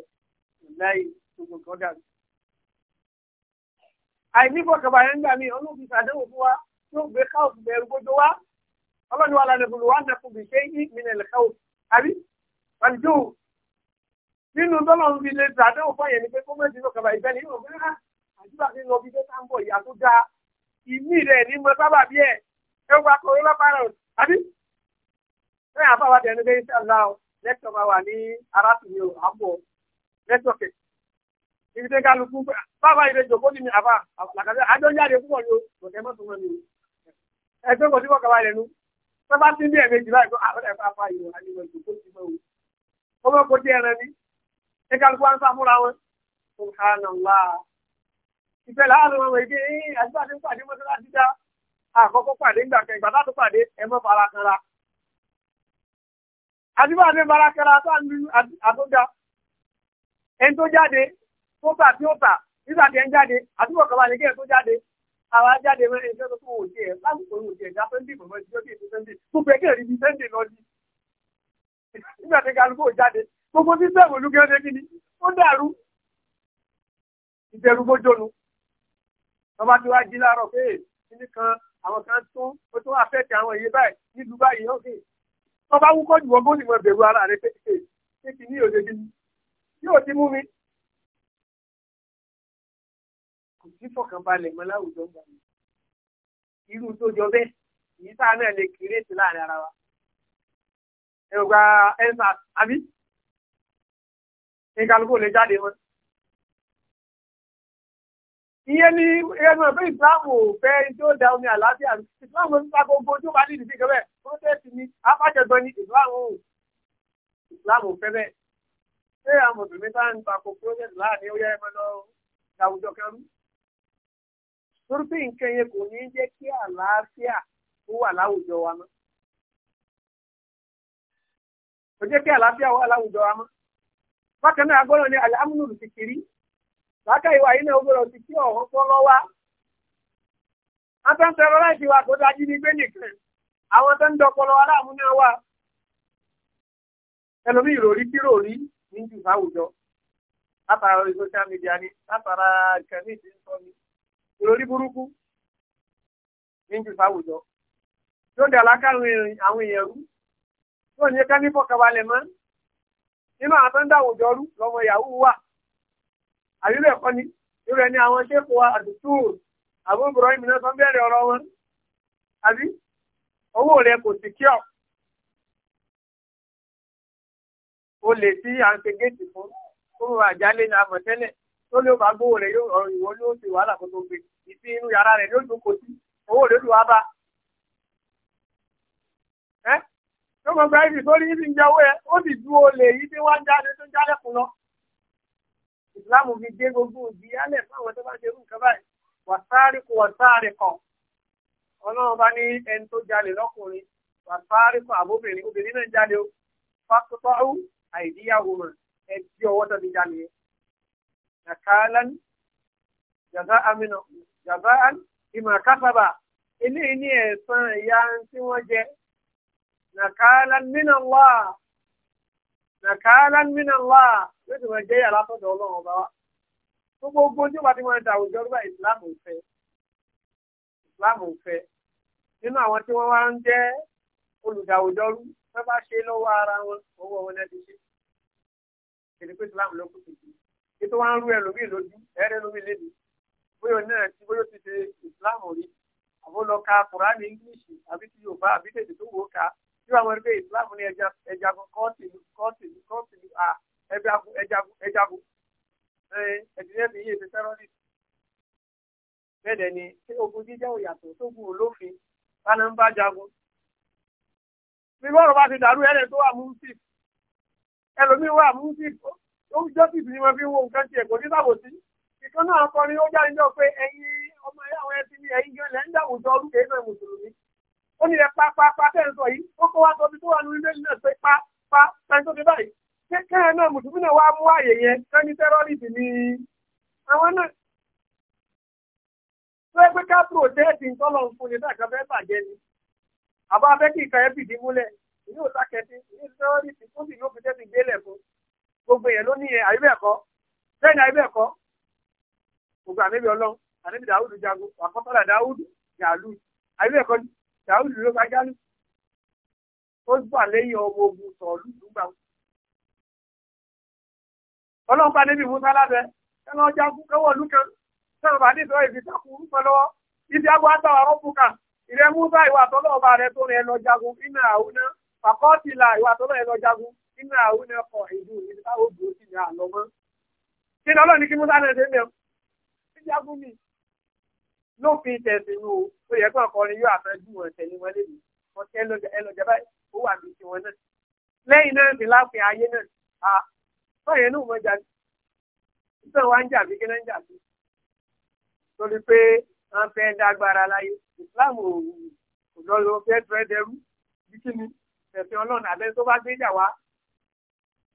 láì gbogbo nǹkan dàbí. àìní fọkànbalẹ̀ ń gbà mí ọlọ́run fi ṣàdéhùn fún wa tó gbé káwọ́sì bẹ̀rù gbójú wa ọlọ́run wa lànà bùrù wa nàkùn bí ṣe yí mi nàlẹ́ káwọ́sì àbí àdúgbò nínú tọ́lọ́run fi lè ṣàdéhùn fún àyẹ̀ ní pé àdúrà ní lọ bí dé tá ń bọ̀ ìyá tó dáa ìmí rẹ̀ ní mo sábà bí ẹ̀ ẹ wá kọ̀ọ̀rọ̀ lápára ọ̀ àbí. ṣé àfáwá tẹnu bẹ́ẹ̀ ṣe àlá ọ lẹ́tọ̀ máa wà ní arákùnrin ò àbọ̀ lẹ́tọ̀kẹ̀. ibi tẹ́ kálukú bàbá ìrẹ́ jòkó ní mi àbá àlàkàtà àjọ jáde púpọ̀ ni o kòtẹ́ mọ́tò mọ́ mi o. ẹgbẹ́ kò sí wọ́n kaba ìrẹ́nu. sábà ti ń bí ẹ̀mejì báyìí kó àwọn ẹ̀fọ́ afá ìrọ̀ àdìmọ̀ jòkó ti mọ́ o. ọmọ kò ni. ẹ kálukú wá ń sá ìfẹ́ láàárọ̀ ọmọ èdè àdúrà ní pàdé mọ́sálásí dá àkọ́kọ́ pàdé ńgbà kan ìgbà láti pàdé ẹ mọ́ fara kanra. àdúrà ní fara kanra tó ń lu àtúndà ẹni tó jáde tó tà tí ó tà nígbà tí ẹ ń jáde àdúgbò kan wà ní kí ẹ tó jáde àwa jáde mọ́ ẹni tó tó fún òjì ẹ̀ lásìkò òjì ẹ̀ jáfẹ́ ndì mọ̀mọ́ ìjọ kí èso sẹ́ndì tó pé kí èrì bíi sẹ́ndì lọ sí. nígbà tí kálukú ò jáde gbogbo sísẹ́ẹ̀mù olúkẹ́ ó dé kí ni ó dàrú ìjẹrù bójónu wọ́n bá ti wá jí láàárọ̀ pé kíní kan àwọn kan tún ó tún àfẹ́ẹ̀tì àwọn èyí báyìí nílùú báyìí ọ̀gẹ̀ wọ́n bá wúkọ́ jù wọ́n bó nìwọ̀n bẹ̀rù ara rẹ̀ pé ṣé kì ní òde gidi yóò ti mú mi. kò sí fọkànbalẹ̀ mọ́ láwùjọ ń balẹ̀ irú tó jọ bẹ́ẹ̀ èyí tá a náà lè kírètì láàrin ara wa ẹ̀rọ gba ẹ̀ńsà àbí ìkàlùkù lè jáde wọn. ìyẹn ni ẹnu ọ̀fẹ́ ìsìláàmù fẹ́ tí omi àlàáfíà ìsìláàmù ń ta gbogbo ojú bá nídìí sí kẹfẹ́ protest ni apájọgbọ́n ni ìsìláàmù ìsìláàmù fẹ́ bẹ́ẹ̀ ṣé àwọn mùsùlùmí bá ń takò protest láàrin ó yẹ ẹ máa lọ kan rú. kò ní jẹ́ kí àlàáfíà ó wà láwùjọ wa mọ́. kò jẹ́ Láká ìwà yìí náà gbọ́dọ̀ ti kí ọ̀hún fọ́ lọ́wọ́. Wọ́n tó ń sọ̀rọ̀ láti wà kó dájú ní gbé nìkan. Àwọn tó ń dọpọlọ aláàmú náà wà. Ẹlòmí ìròrí kírò rí ní jù fáwùjọ. Látara orí social media ni, látara ìkànnì ìdí ń sọ ni. Ìròrí burúkú ní jù fáwùjọ. Yóò dà lákàrún àwọn èèyàn rú. Yóò ní ká ní fọkàbalẹ̀ mọ́. Nínú àwọn tó ń dàwùjọ rú lọ́mọ Yahoo wà àbíbẹ̀ kọ́ ni irú ẹni àwọn ṣéèkù wa àdùtù àbúrò Ibrahim náà sọ bẹ́ẹ̀rẹ̀ ọ̀rọ̀ wọn àbí owó rẹ̀ kò sì kí ọ̀ o lè sí à ń pe géètì fún fún àjálé ní àmọ̀tẹ́lẹ̀ tó ló bá gbówó rẹ̀ yóò ọ̀rọ̀ ìwọ ló ti wàhálà kó tó gbé ìsí inú yàrá rẹ̀ ló dùn kò sí owó rẹ̀ ló wá bá ẹ́ tó mọ̀ gba ibi sórí ibi ń jẹ́ owó ẹ ó sì dúró lè yí tí wọ́n jáde tó ń jálẹ̀kùn ìsìláàmù fi dé gbogbo òbí alẹ̀ fáwọn tó bá ń ṣerú nǹkan báyìí wàsáàrì kò wàsáàrì kan ọlọ́run bá ní ẹni tó jalè lọ́kùnrin wàsáàrì kan àbóbìnrin obìnrin náà jalè o fásitọ́rù àìdíyàwó mọ̀ ẹ tí ọwọ́ tó ti jalè yẹn. nàkàlán jàzá amínà jàzá ìmọ̀ kásábà eléyìí ní ẹ̀sán ìyá tí wọ́n jẹ nàkàlán mínà wà nàkàlà nínú ńlá yóò ti máa jẹ́ yàrá tọ̀dọ̀ ọlọ́run ọba wa gbogbo ogun tí wọ́n ti máa da àwùjọ nígbà ìsìlámù ń fẹ́ ìsìlámù ń fẹ́ nínú àwọn tí wọ́n wá ń jẹ́ olùdàwùjọ́rú wọ́n bá ṣe lọ́wọ́ ara wọn owó wọn náà ti ṣe kìlì pé islam ló kù tìjú kí tó wá ń rú ẹlòmíì lójú ẹrẹ lómi lébi bóyá náà tí bóyá ti ṣe islam rí àbó lọ ka quran english àbí ti yorùbá àbí tètè tó wò ó ka nígbà wọn pé islam ní ẹja ẹja kọ́ọ̀tìlú kọ́ọ̀tìlú kọ́ọ̀tìlú à ẹjagun ẹjagun ẹjagun ẹdínlẹ́bí yìí ṣe tẹ́rọ́lì. bẹ́ẹ̀ dẹ̀ ni ṣé ogun jíjẹ́ òyàtọ̀ sógun olófin tánà ń bá jagun. bí wọ́n bá ti dàrú ẹ̀rẹ̀ tó wà múùsì ẹlòmíín wà múùsì ó jọ́ tìbí ni wọ́n fi ń wo nǹkan tiẹ̀ kò ní sàbòsí. ìkan náà kọrin ó jáde jọ pé ẹ̀yin ọmọ ẹ̀yà àwọn ẹbí mi ó ní ẹ pápápá tẹ́lẹ̀ sọ yìí ó kó wá sọ bí tó wà nínú ilé náà pé pa pa tẹ́lẹ̀ tó dé báyìí kékeré náà mùsùlùmí náà wá mú àyè yẹn kán ní tẹ́rọ́rìsì ni àwọn náà tó ẹgbẹ́ ká protẹ́ẹ̀tì ńtọ́lọ̀ ń fún ni náà kan fẹ́ bàjẹ́ ni àbá fẹ́ kí ìka ẹbìdì múlẹ̀ ìní ò sákẹ́tì ìní tẹ́rọ́rìsì tó sì yóò fi tẹ́tì gbélẹ̀ fún gbogbo èèyàn ló ní yẹn àyíbẹ̀ẹ̀kọ́ lẹ́yìn àyíbẹ̀ẹ̀kọ́ gbogbo àmì dàúdù ló fajá lù ó gbà lẹ́yìn ọmọ ogun sọ̀ọ́lù nígbà wọn. ọlọ́run bá débi musa lábẹ́ ẹ lọ jagun kẹwọ́ ọdún sọ̀rọ̀ bá nítorí ìfi takùn rúpẹ́ lọ́wọ́ ibi agbó àtàwọn ọ̀pùkà ìrẹ́ musa ìwà tọ́lọ́ ọba rẹ tó rẹ lọ jagun iná àwọn náà fàkọ́ọ̀tìlà ìwà tọ́lọ́ ẹ lọ jagun iná àwọn náà kọ ìlú ìdíkà ó dùn sí ní àlọ́mọ́. kí ni ọlọ́run ní kí musa náà ṣe ń lófin tẹ̀sí inú o ó yẹ kí ọkùnrin yóò àfẹ́jú wọn tẹ̀lé wọn lébi wọn tẹ ẹlọjà báyìí ó wà ní tiwọn náà lẹ́yìn náà ní láàfin ayé náà a báyẹn náà wọ́n jà ní ìtàn wa ń jà bí kí náà ń jà bí torí pé wọ́n fẹ́ dágbára láyé ìsìláàmù òòrùn òdòdó fẹ́ tẹ́ dẹrú bí kí ni ẹ̀sìn ọlọ́run àbẹ́ tó bá gbé jà wá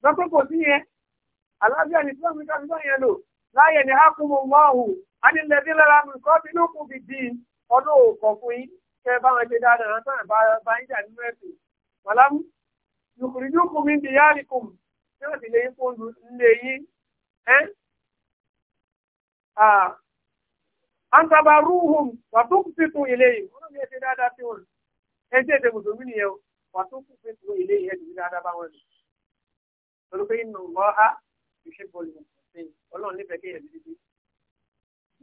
lọ́pọ̀ kò sí yẹn àlàáfíà ní ìsìláàmù ká láyé ní ha mọ́ọ̀hù ánilẹ́bí lára mi kọ́ bí ló kù di ọdún òkọ̀ fún kẹ́ báwọn ṣe tán bá ń jà nínú ẹ̀sìn màlámù yùkùrìyùkùn mi bìyà rìkùn tí wọ́n lè yín lè yín ẹ́ ilé yìí ní ẹ̀ṣẹ̀ dáadáa sí wọn ẹ̀ṣẹ̀ èdè mùsùlùmí nìyẹn o ilé yìí ẹ̀ṣẹ̀ dáadáa bá wọn lò. lọ́ha ẹ̀sìn ọlọ́run nífẹ̀ẹ́ kéèyàn dídí.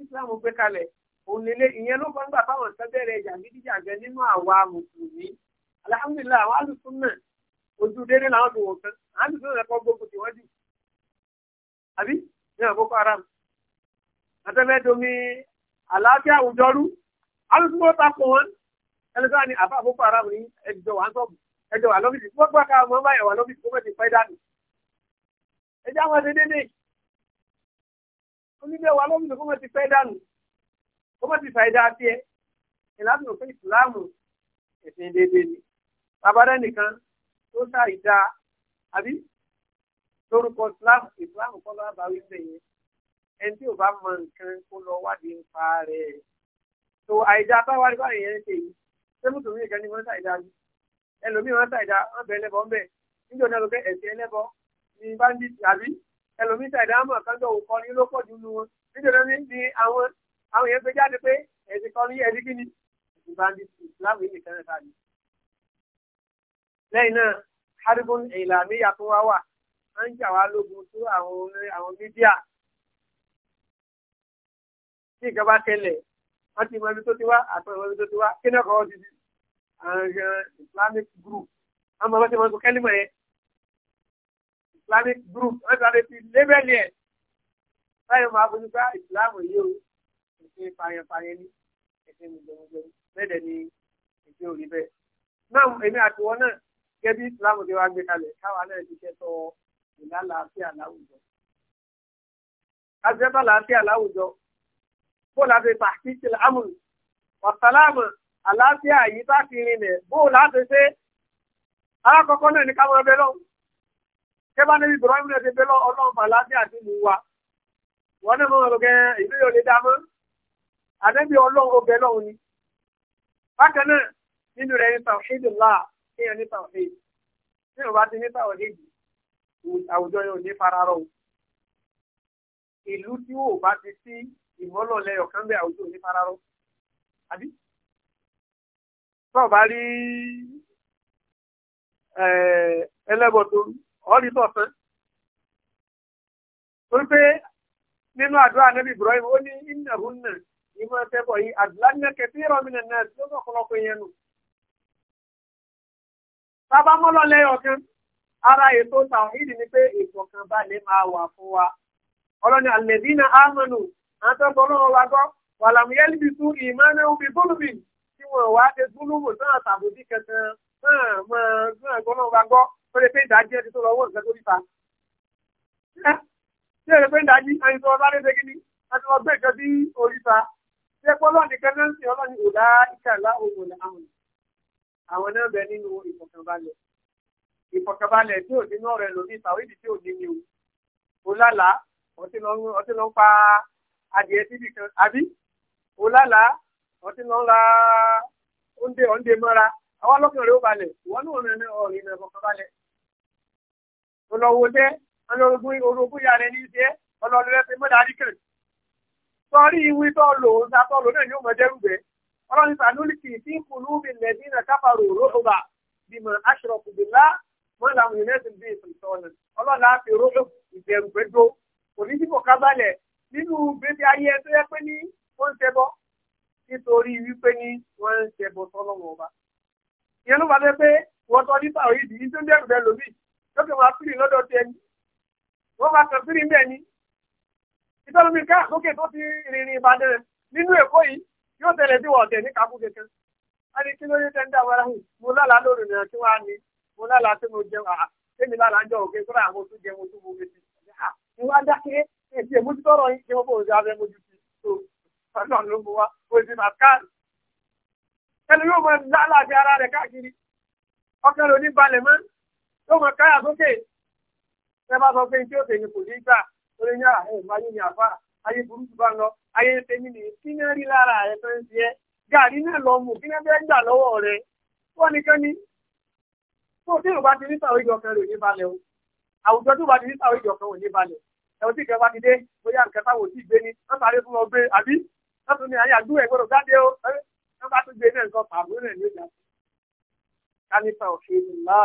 Islam gbé kalẹ̀ onílé ìyẹn ló kọ́ nígbà táwọn ìfẹ́ bẹ̀rẹ̀ jàgídíjàgẹ nínú àwa mùsùlùmí alhamdulilayi àwọn alùpùpù náà ojú déédé làwọn tó wọ̀ kan àwọn alùpùpù náà kọ́ gbógun tiwọn jù àbí ní àwọn Boko Haram àtẹ́fẹ́domi àlàáfíà àwùjọ rú alùpùpù ó takò wọn ẹni tó wà ní àbá Boko Haram ní ẹjọ wà ń sọ̀bù ẹjọ wà lọ́fíìsì fún ọgbà káwọn ọmọ báyọ̀ wà lọ́fíìsì fún mẹ́tì pẹ́ dànù ẹjọ àwọn ẹsẹ̀ déédéé oníbẹ̀ wa lọ́mọdé kó mọ̀ ti fẹ́ dànù kó mọ̀ ti fàyè dáa tiẹ̀ ìlànà òfin ìsìláàmù ẹ̀sìn déédéé ni babadá nìkan tó ṣàì dáa àbí lórúkọ ìsìláàmù ìsìláàmù kọ́ lọ́wọ́ báwí sẹ́yìn ẹni tí ò bá mọ nǹkan kó lọ wádìí ń pa rẹ̀ tó àìdá táwárí báyìí yẹn ń ṣe yìí ṣé mùsùlùmí nìkan ni wọ́n ṣàì dáa ni ẹlòmíì wọ́n ṣàì dáa wọ́n bẹ̀ ẹlẹ́bọ̀ ń bẹ̀ níjọ́ náà ló fẹ́ ẹ̀sìn ẹlẹ́bọ̀ ni báńdíìtì àbí ẹlòmítà ìdáhùn àkàndọ̀ òkọ ni ló pọ̀ jù nínú wọn nítorí ní ní àwọn àwọn èèyàn gbé jáde pé ẹ̀sìn kan ní ẹ̀sìn kí ni ẹ̀sìn bá ń di ìsìláàmù yìí nìkan náà ni. lẹ́yìn náà haribun ìlànà ìyàtọ̀ wa wà á ń jà wá lógun tó àwọn àwọn mídíà tí ìjọba tẹlẹ̀ wọ́n ti mọ ibi tó ti wá àtọ́ ìmọ̀ ibi tó ti wá kí náà kọ́ ọ́ ti di àwọn islamic group àwọn ọmọ bá ti mọ islamic group ẹ̀sàlẹ̀ ti lébẹ̀lì ẹ̀ báyọ̀ máa fojú ká ìsìláàmù ah, yìí o ẹ̀sìn fàyẹ̀fàyẹ̀ ní ẹ̀sìn mùjẹ̀mùjẹ̀mù bẹ́ẹ̀ ni ìṣe òrí bẹ́ẹ̀. náà èmi àti wọn náà gẹ́gẹ́ bí ìsìláàmù ti wá gbé kalẹ̀ káwa náà ti ṣe tọ ìlàlàáfíà láwùjọ. àjẹbá làáfíà láwùjọ bó la pàṣí ti ọ̀sálàmù àlàáfíà yìí bá fi rinlẹ̀ bó la ṣe alákọ̀ọ́kọ́ náà ní ká máa bẹ lọ́wọ́ tẹ́bá níbi Ibrahim náà ti bẹ́ ọlọ́run fàlàbí àti ìlú wa wọ́n ní mọ́ ọ̀rọ̀ gẹ́gẹ́ ìlú yóò lè dámọ́ àdẹ́bí ọlọ́run ọbẹ̀ lọ́run ni bákan náà nínú rẹ̀ ní tàwọ̀ṣẹ́dì ńlá kéèyàn ní tàwọ̀ṣẹ́dì tí ìwà ti ní tàwọ̀ṣẹ́dì àwùjọ yóò ní fararọ̀ ìlú tí ò bá ti sí ìmọ́lọ̀lẹ́ ọ̀kan bẹ́ àwùjọ ní fararọ̀ àbí tọ́ọ̀ bá rí ẹlẹ́bọ̀ tó rú ọ̀rí lọ́sàn. Eh? Torí pé nínú àdúrà Nẹ́bí Ibrahim ó ní ìnàrún náà ìmọ̀ ẹ̀tẹ́bọ̀ yìí àdúrà ní kẹfí ìrọ̀mìnà náà tí ó lọ́pọ̀lọpọ̀ yẹn nù. Sábà mọ́lọ lẹ́yọ̀ kan, ara ètò tàwọn ìdí ni pé ìfọ̀kànbalẹ̀ máa wà fún wa. Ọlọ́ni àlẹ́dínà ámọ́nù, àtọ́bọ̀ lọ́wọ́ wa gbọ́, wàlàmúyẹ́lì bìtú ìmọ̀ náà ń fi bólúbì tí wọ́n wá dé gúlúmù náà tàbí kẹsàn-án ẹ̀gbọ́n ṣé èrè pé ìdájí ẹni tó lọ bá lé dégí ni lọ gbé nǹkan bí orí ṣé pọ́lọ́ nìkan náà ń sìn ọlọ́ni òdá ìkàlá òun àwọn àwọn náà bẹ nínú ìfọ̀kànbalẹ̀ ìfọ̀kànbalẹ̀ tí ò nínú ọ̀rẹ́ lòdì ìtàwé ìdí tí ò ní o olálà ọtí ló ń pa adìẹ síbi kan àbí olálà ọtí ló ń ra oúnjẹ oúnjẹ mọ́ra àwa lọ́kàn rẹ̀ ó balẹ̀ ìwọ náà rẹ̀ ọ̀rìn rẹ̀ kọ̀ọ̀kan balẹ̀. olówó jẹ́ olórogún orogún ìyá rẹ̀ ní í ṣe ọlọ́ọ̀lẹ́ fi mọ́dà àdìkẹ̀. sọrí ìwé tó lò ó ta tó lò náà ni ó mọ jẹ́rù bẹ́ẹ̀. ọlọ́run sànúlìkì tí kùlù bí lẹ́dínà káfàrò rọ́ọ̀bà bímọ aṣọ̀rọ̀kù bìlá wọn làwọn ìrẹsì bíi ìfìsọ̀nà ọlọ́run á fi rọ́ọ̀bù ìbẹ̀rù pé dó òní tí kò kábàlẹ̀ nínú bébí ayé tó yẹ pé ní wọ́n ń ṣẹbọ nítorí wípé ní wọ́n ń ṣẹbọ sọ́lọ́wọ́ ọba ìyẹn ló bá dé pé wọ́n tọ́ ní sàrò ìdí tó ń dẹ̀rù bẹ́ẹ̀ lómi lókè wọn fìrì lọ́dọ̀ tiẹ̀ ni wọ́n bá kàn fìrì bẹ́ẹ̀ ni ìtọ́lómi ká lókè tó ti rìnrìn Ìbàdàn nínú Èkó yìí yóò tẹ̀lé tí wọ́n tẹ̀ ní kakú kẹ̀kẹ́ á ní kí ló yẹ tẹ́ńdà wẹ́rẹ́ hù mo lálà lórí rẹ̀ kí wọ́n á ní mo lálà tí mo jẹun àhà èmi lálà jọ òkè kúrò àwọn tó jẹun tó mo retí ni wọ́n á dákẹ́ ẹni yóò mọ lálàbí ara rẹ̀ káàkiri ọkàn rẹ̀ mọ́ yóò mọ káyà sókè ẹ bá sọ pé tí ó tẹ̀yìn kò ní gbà lórí ní àhẹ ìmáyé ní àfà ayé burúkú bá ń lọ ayé ní kí ní rí lára tó ń tiẹ́ gàrí náà lọ kí ní bẹ́ẹ̀ gbà lọ́wọ́ rẹ̀ tó tí ti ìjọ kan o àwùjọ tó bá ti ìjọ kan wọ́n bá tún gbé náà nǹkan pàbó náà ní ìjà tó. kálífà òfin ńlá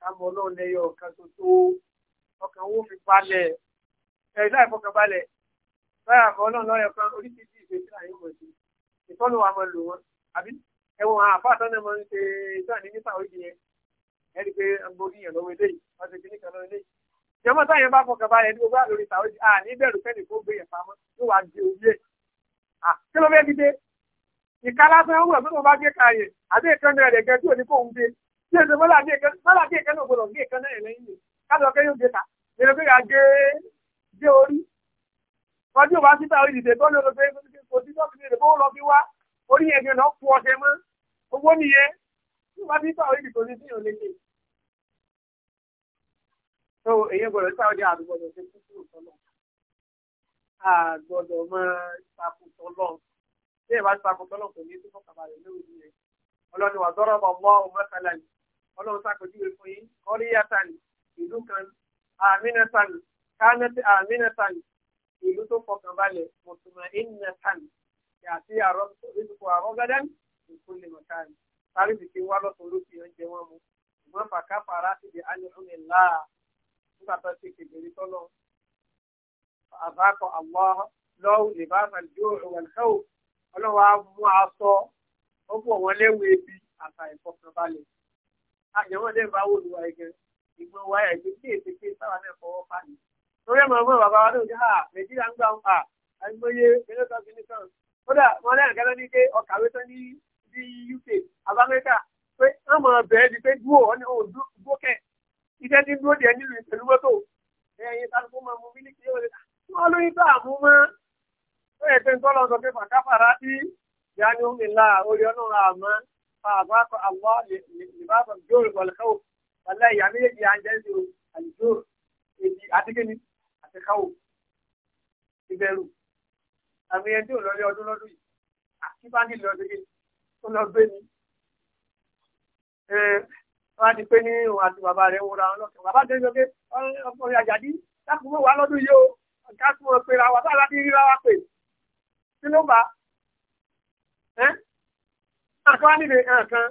kámọ náà lẹ́yọ ọ̀kan tó tó ọkàn owó fi palẹ̀ ẹ̀rí láì fọkàn balẹ̀ báyà àmọ́ náà lọ́yọ̀ kan oríṣiríṣi ìgbésí àyè mọ̀ sí ìtọ́nù wa mọ̀ lò wọ́n àbí ẹ̀wọ̀n àbá àtọ́nà mọ̀ ń ṣe ìtàn ní nípa òjì yẹn ẹni pé agbórí yẹn lọ́wọ́ eléyìí wọ́n ti fi níkan lọ́wọ́ eléyìí. ìjọba táyẹn bá fọkàn balẹ̀ ní gbogbo àlórí tàwọn à ní bẹ̀rù fẹ́ni kó gbé yẹn pamọ́ ló wàá di òye à kí ló fẹ́ dìde ìka lásán ń wẹ̀ tó tó bá gé kaayè àti ìkan náà rẹ̀ gẹ́gẹ́ tí ò ní kó ń gbé tí èdè mọ́là gé ìkan náà gbọdọ̀ gé ìkan náà lẹ́yìn rẹ̀ kájọ kẹ́yìn òde ta èrè pé ká gé gé orí ọdún ò bá sí ta ìdìdè tó lè lọ́gbẹ́ kò sí tọ́kì lè kó lọ bí wá orí yẹn gan náà kú ọṣẹ mọ́ owó nìyẹn tí wọ́n ti ta ìdìdè tó ní sí ìhàn lẹ́yìn. tó èyàn gbọdọ̀ ta ọjà àdúgbò tí ẹ bá ti sako tọ́lọ̀ kò ní í tó kàbà rẹ̀ lórí rẹ̀ ọlọ́ni wà dọ́rọ̀ bọ̀ mọ́ ọmọ kala ni ọlọ́run sàkójúwe fún yín kọ́rí yàtà ni ìlú kan àmínátà ni kánẹ́tì àmínátà ni ìlú tó fọkàn balẹ̀ mùsùlùmí ìnàtà ni àti ìdìbò àrọ́gádán ìkú lè mọ̀ káàní sáré bìkì wá lọ́sọ̀ olókì oúnjẹ wọn mu ìmọ̀ fàkàfàrà ti di alẹ́hùnmí ńlá nígbà tó ti kékeré tọ́lọ́ àbákọ̀ àlọ́ lọ́wọ́ ìbáfà ọlọ́wọ́ mú aṣọ ó bọ̀ wọ́n léwu ebi àtà ìfọkànbalẹ̀ àjẹmọ́ dé bá wòlú wa ẹgẹ ìgbọ́n wa ẹgbẹ́ tí èsì pé sáwà náà fọwọ́ fà torí ẹ̀mọ̀ ọgbọ́n bàbá wa náà ní à ah, nàìjíríà ń gbà ń fà àgbóyé ẹlẹ́tọ́ kìíní kan kódà wọn lẹ́yìn kẹ́lẹ́ ní pé ọkàwé tán ní UK abamẹ́ríkà pé wọ́n mọ̀ bẹ́ẹ̀ di pé dúró ọ̀nà òdúkẹ́ oh, iṣẹ́ tí dúró díẹ̀ nílùú ìpẹ̀lú mọ́tò ẹ̀yìn tálùkù máa mú mílíkì yóò lè ó yẹ pé tọ́lọ̀ sọ pé fàkàfàrà tí ìyá ni ó mi là orí ọlọ́run àmọ́ fàgbà àwọ̀ ìbáfà jòrò wọ̀lẹ́kọ̀ọ́ wàlẹ́ ìyá méjèèjì à ń jẹ́ sí àlùjòrò èdè àtikẹ́ni àti káwò ìbẹ̀rù àmì ẹni tí ò lọlé ọdún lọ́dún yìí àti báńkì lọ́dún yìí ó lọ gbé ni wọ́n á ti pé ní òun àti bàbá rẹ̀ wúra wọn lọ́kàn bàbá tó ń sọ pé ọkùnrin àjàdí láti mú wa lọ́dún yìí o ká tún wọn pera wa bá láti ríra wa pè kí ló bá ẹ́ àkọ́wá níbi ẹ̀ẹ̀kan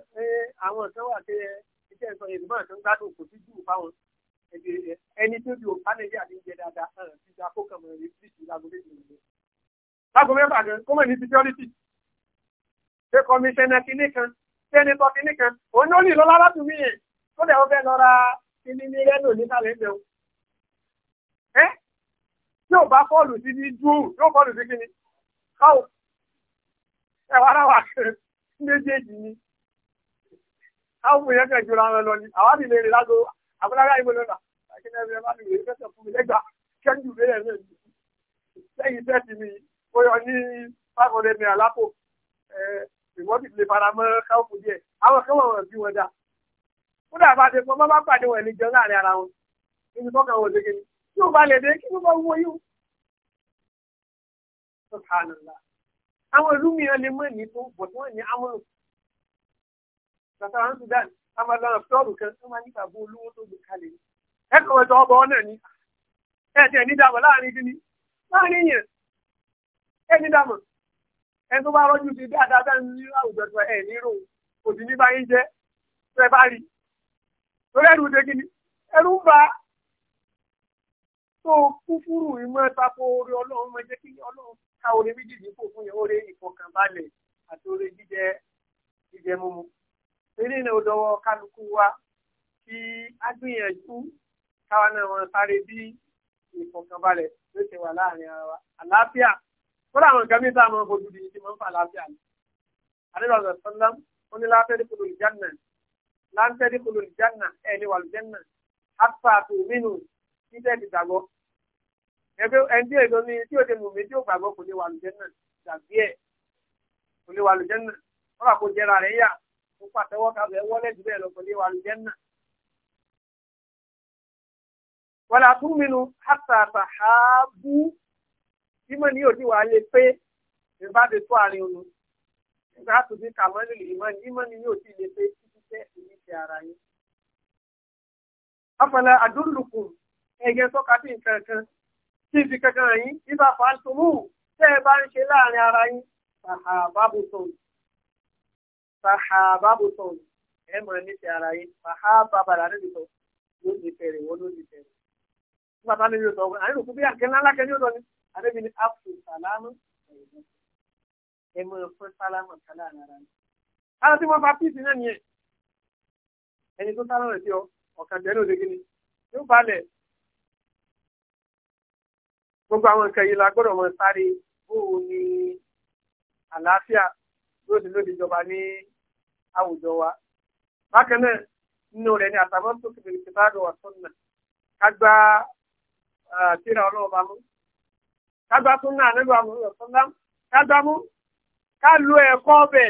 àwọn kan wà pé iṣẹ́ ìsọ yorùbá kan gbádùn kò sí jù fáwọn ẹni tó di òpá nàìjíríà ní jẹ dáadáa hàn sí ìjà kó kàn mọ́ ẹ̀rí sí ìjà gbogbo ìlú ìlú. lágbo mẹ́fà gan kó mọ̀ ní security ṣe kọmíṣẹ́nà kínní kan sẹ́nitọ́ kínní kan òun ló ní lọ́lá láti wí yẹn tó dẹ̀ wọ́n fẹ́ lọ ra kínní ní rẹ́dò ní kàlẹ́ńdẹ̀ o. ẹ tí ò bá fọ́ọ̀lù sí ní jù yóò fọ́ọ̀lù sí kínní káwọ ẹwà ara wà méjèèjì ni káwọ fún yẹn kẹ jura wọn lọ ni àwa nílé rẹ lágbo àbúrárá ìwé lọ́nà akínẹ́ rẹ má nílé fẹsẹ̀ fún mi lẹ́gbàá kẹ́ńdù rẹ yẹn lẹ́yìn lẹ́yìn tẹ́tì mi ó yọ ní five hundred naira lápò ìwọ́n ti lè fara mọ́ káwọ fún díẹ̀ àwọn kan wọ̀n bí wọn dá fún dàbà àti ẹ̀fọ́ má bá pàdé wọn ní jẹun láàrin ara wọn níbi tọ́ka wọn wọ subhanallah àwọn ìlú mìíràn lè mọ èyí tó bọ̀ tí wọ́n ní amúlò sàtàrà ń sudan amadana fúlọ́ọ̀rù kan tó máa nípa bó olówó tó gbé kalẹ̀ ẹ kàn wọ́n tọ́ ọbọ̀ náà ní ẹ tẹ̀ ní dàmọ̀ láàrin kí ni láàrin yẹn ẹ ní dàmọ̀ ẹ tó bá rọ́jú sí dáadáa bá ń ní àwùjọ tó ẹ nírò kò sí ní báyìí jẹ́ tó ẹ bá rí lórí ẹrù dé kí ni ẹrù ń bá tó kúfúrú ìmọ̀ tako orí ọlọ́run máa jẹ́ kí ọlọ́run ká orin méjì dínkù fún yẹn orin ìfọkànbalẹ̀ àti orin jíjẹ jíjẹ mímu eré náà ó dọwọ́ kálukú wa kí á gbìyànjú káwa náà wọn sáré bí ìfọkànbalẹ̀ ló ṣe wà láàrin ara wa àlàáfíà kódà àwọn nǹkan mìíràn máa fojú di ti máa ń fa àlàáfíà ni àdébàgbà sọlá ó ní láńtẹ́rì kúlò ìjánà láńtẹ́rì kúlò ìjánà ẹ̀ ní wàlùjánà àtúntà àti òmìnú títẹ̀ ti ẹgbẹ́ ẹni èdè ni tí o ti mú mi tí o gbàgbọ́ kò lè wà lùjẹ́ náà tàbí ẹ̀ kò lè wà lùjẹ́ náà wọ́n kò jẹ́ra rẹ̀ yà kó pàtẹ́wọ́ ká bẹ̀ wọ́lẹ̀ jù bẹ́ẹ̀ lọ kò lè wà lùjẹ́ náà. wọ́n la tún minnu hàtàtà ààbù tí mo ní òdi wà lè pé ìbá ti tó àárín òun ìgbà tó ti kà mọ́ nílùú ìmọ̀ ní mọ́ ní yóò ti lè pé títí tẹ́ ìní ti ara yín. afọlẹ́ àdúrùkù ẹ̀yẹ tọ́ka nǹkan kan tí ìfi kankan yìí nígbà fàántumù tẹ́ ẹ bá ń ṣe láàrin ara yín sàhábàbùtàn sàhábàbùtàn ẹ mọ̀ nífẹ̀ẹ́ ara yín sàhábàbàrà níbi tó ló ní fẹ̀rẹ̀ wọ́n ló ní fẹ̀rẹ̀. nígbà tá níbi tó àwọn ènìyàn kú bí àkẹ́lá ńlá kẹ́ni ó lọ ní àdébí ni àpò sàlámù ẹ mọ̀ fún sálámù kálá ara yín. ara tí wọ́n bá píìsì náà nìyẹn ẹni tó sálámù rẹ̀ sí ọ ọ̀kadẹ́ ló dé gbogbo àwọn nǹkan yìí la gbọ́dọ̀ mọ sáré bóò ni àlàáfíà lóde lóde ìjọba ní àwùjọ wa bákan náà nínú rẹ̀ ni àtàwọn tó kìlọ̀ ìfipáàdọ̀ wà sọ́nà kágbá tíra ọlọ́ọ̀bá mú kágbá tún náà nílùú àmúlò sọ́nà kágbá mú ká lu ẹ̀kọ́ ọbẹ̀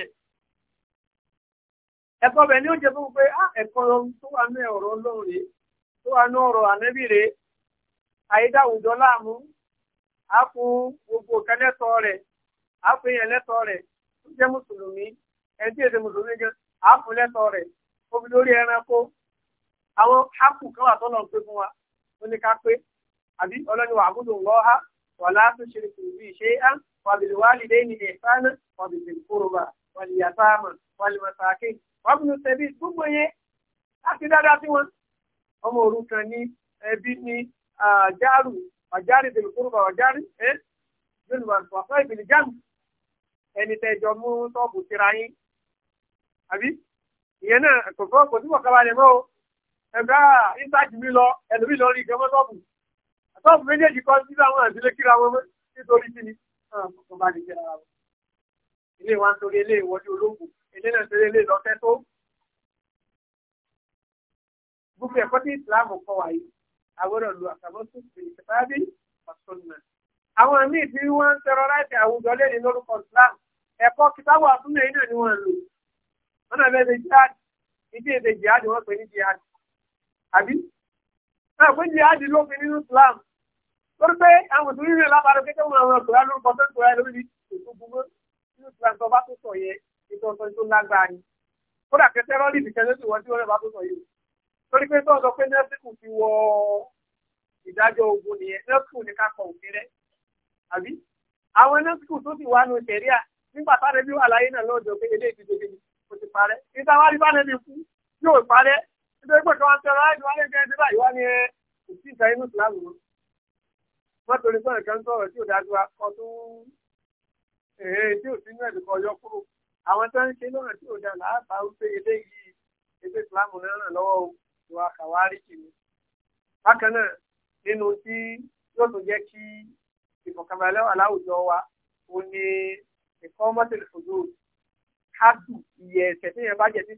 ẹ̀kọ́ ọbẹ̀ ni ó jẹ́ fún pé ẹ̀kọ́ tó wà ní ọ̀rọ̀ ọlọ́run rèé tó wà ní ọ̀rọ̀ ànẹ́bí rèé àyídáwùjọ láàmú á fún gbogbo ka lẹ́tọ̀ọ́ rẹ á yẹn lẹ́tọ̀ọ́ rẹ tó musulmi mùsùlùmí ẹni tí èsè gan á fún lẹ́tọ̀ọ́ lórí ẹranko àwọn hápù kan wà tó lọ pé fún wa ó ní pé àbí ọlọ́ni wà ń ha wà láti ṣe kò bí ṣe á wà wà ní wà wà wà wà gbogbo yẹn láti dáadáa sí wọn ọmọ ọ̀járì bìlì kúrúbà ọ̀járì ẹ́ yorùbá ọ̀sọ́ ìbìlì jáàmù ẹni tẹ́jọ mú sọ́ọ̀bù síra yín àbí ìyẹn náà kò fọ́ kò sí wọ̀kaba lè mọ́ o ẹ̀gbá ìsáàjì mi lọ ẹlòmí lọ rí ìgbẹ́mọ́ sọ́ọ̀bù sọ́ọ̀bù méjèèjì kan sí àwọn àdílé kíra wọn mọ́ nítorí kí ni kò bá lè jẹrà wọn. ilé wa ń torí ilé ìwọ́de ológun ilé náà torí ilé lọ́tẹ́ tó. gbogbo ẹ̀kọ́ tí ìsìlámù kọ wáyé àgbọ̀dọ̀ lu àtàbọ̀tò ìṣèpáàbí ọ̀sọ̀nà. àwọn míì tí wọ́n ń tẹ̀rọ láti àwùjọ lẹ́ni lórúkọ Islam ẹ̀kọ́ kìtàbù àtúnlẹ̀ yìí náà ni wọ́n lò wọ́n náà fẹ́ẹ́ jihad ìdí èdè jihad wọ́n pè ní jihad àbí náà pé jihad ló fi nínú Islam lórí pé àwọn mùsùlùmí rẹ̀ lábàárọ̀ kékeré wọn àwọn ọ̀tọ̀ lórúkọ tó ń tọ́ lórí ètò gbogbo nínú Islam tó bá tó sọ yẹ ètò ọ̀tọ̀ tó lágbára ni kódà kẹtẹ́rọ́lì nìkan ló sì wọ́n tí wọ́n rẹ̀ bá tó sọ yìí torí pé tó sọ pé nẹ́sìkù ti wọ ìdájọ́ ogun nìyẹn nẹ́sìkù ní kápọ̀ òfin rẹ̀ àbí àwọn nẹ́sìkù tó ti wà nù sẹ̀ríà nígbà táwọn ẹbí wà láyé náà lọ́dọ̀ pé eléyìí ti dèbè ni kò ti parẹ́ níta wá rí bánẹ́bí kú yóò parẹ́ nítorí pé káwọn tẹ̀lé láì wá lẹ́gbẹ̀ẹ́ ẹ̀dẹ́ báyìí wá ní ẹ kò sí ìta inú ìsìlámù wọn. wọ́n torí sọ̀rọ̀ kan sọ̀rọ̀ tí ò dájú wa kọ́ tó èé tí ò sínú ẹ̀dùkọ̀ yọ kúrò àwọn tó ń ṣe lọ́nà tí ò dá làá bá ń pé eléyìí ẹgbẹ́ ìsìlámù náà lọ́wọ́ o ìwà kàwáríkì ni bákan náà nínú tí yóò tún jẹ́ kí ìfọ̀kànbalẹ̀ wà láwùjọ wa ó ní ẹ̀kọ́ mọ́tẹ̀lẹ̀fọ̀dọ̀ kádù ìyẹ̀ ẹ̀sẹ̀ tí yẹn bá jẹ́ tí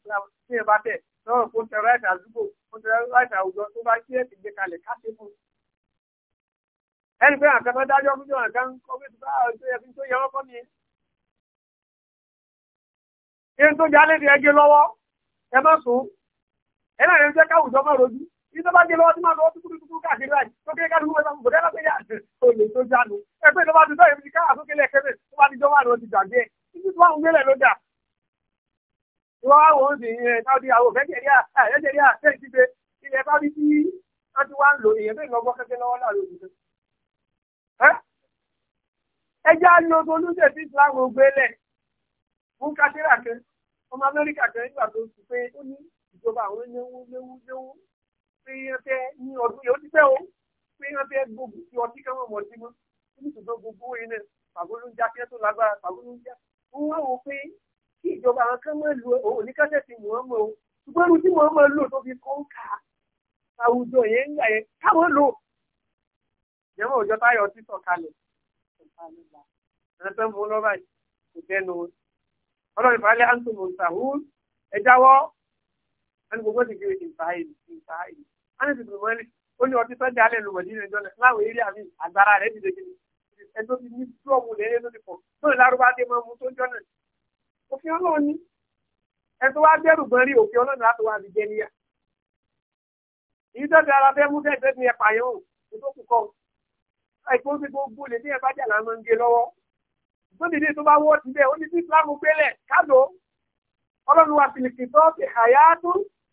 yẹn bá tẹ̀ lọ́rọ̀ kó tẹ ráìtì àdúgbò kó tẹ ráìtì àwùjọ tó bá kí ẹ̀sìn gbé kalẹ̀ ká ṣe fún un. ẹni pé àǹkan tó dájọ́ fún jọ̀wọ́n kan kọ́ bí tó yẹ fi tó yẹ wọ́n kọ́ mi. ihun tó jalè di ẹgbẹ́ lọ́wọ́ ẹ má sùn ẹ náà ń jẹ́ káwùjọ máa rojú ní tó bá gé lọ́wọ́ tí máa lọ́wọ́ túkúrú túkúrú káàkiri láì tó kéré káàkiri wọ́n sáfù bọ̀dẹ́ lápẹ́yà olè tó jánu ẹgbẹ́ tó bá ti sọ́yẹ̀ fi káà sókè lẹ́kẹ́rẹ́ tó bá ti jọ wà lọ́ọ́ ti gbàgbé ẹ̀ títí tó àwọn gbélé ló dà. wọ́n á wò ó sì yẹn káwọn di àwọn nàìjíríà nàìjíríà ṣe ìdíje ilẹ̀ bá bí tí wọ́n ti wá ń lò èèyàn bẹ́ẹ̀ lọ́gbọ́ kẹ́kẹ́ lọ́wọ́ náà lójú ẹ jẹ́ àlọ́gbọ́ olóṣè tí islam gbélé fún kásírà kan ọmọ amẹ́ríkà kan nígbà tó sùn pé ó ní ìjọba àwọn léwu léwu léwu pé yẹn fẹ́ ní ọdún yẹn ó ti fẹ́ o pé yẹn fẹ́ gbogbo tí ọtí káwọn mọ̀ sí mọ́ nítorí tó gbogbo yẹn náà pàgó ló ń já kí ẹ tó lágbára pàgó ló ń já wọn wá wò pé kí ìjọba àwọn kan máa lu oníkásẹ̀ ti mọ̀ ọ́n mọ̀ o ṣùgbọ́n irú tí wọ́n máa lò tó fi kọ́ ń kà àwùjọ yẹn ń gbà yẹn káwọn lò ìjẹ́mọ̀ òjọ táyọ̀ ti sọ̀ kalẹ̀ ẹ̀ẹ́dẹ́gbẹ̀rún lọ́ba yìí kò tẹ́nu ọlọ́run ìfàlẹ́ àǹtọ̀mọ̀ ìtàhùn ẹ̀jáwọ́ ẹni gbogbo ti gbé ìfàáyìlì ìfàáyìlì ẹni ti dùn mọ́lẹ̀ ó ní ọtí sọ́jà alẹ́ ló wọ̀dí nìjọ náà láwọn eré àmì àgbára rẹ̀ ti dèjì ẹni tó ti ní túwọ̀mù lẹ́yìn ló ti pọ̀ lórí lárúbá dé máa mú tó jọ náà òfin ọlọ́run ni ẹni tó wá bẹ̀rù gan rí òfin ọlọ́run láti wá fi jẹ níyà èyí tó ti ara fẹ́ mú fẹ́ fẹ́ fi ẹ̀ pààyàn o ìtòkù kọ́ ẹ̀kọ́ ti gbogbo lè ní ẹ̀ bá jà ń gé lọ́wọ́ lónìí ní tó bá wọ́ ti bẹ́ẹ̀ ó ní sí Islam gbélẹ̀ káàdó ọlọ́run wa fìlìkì tó ti àyà tó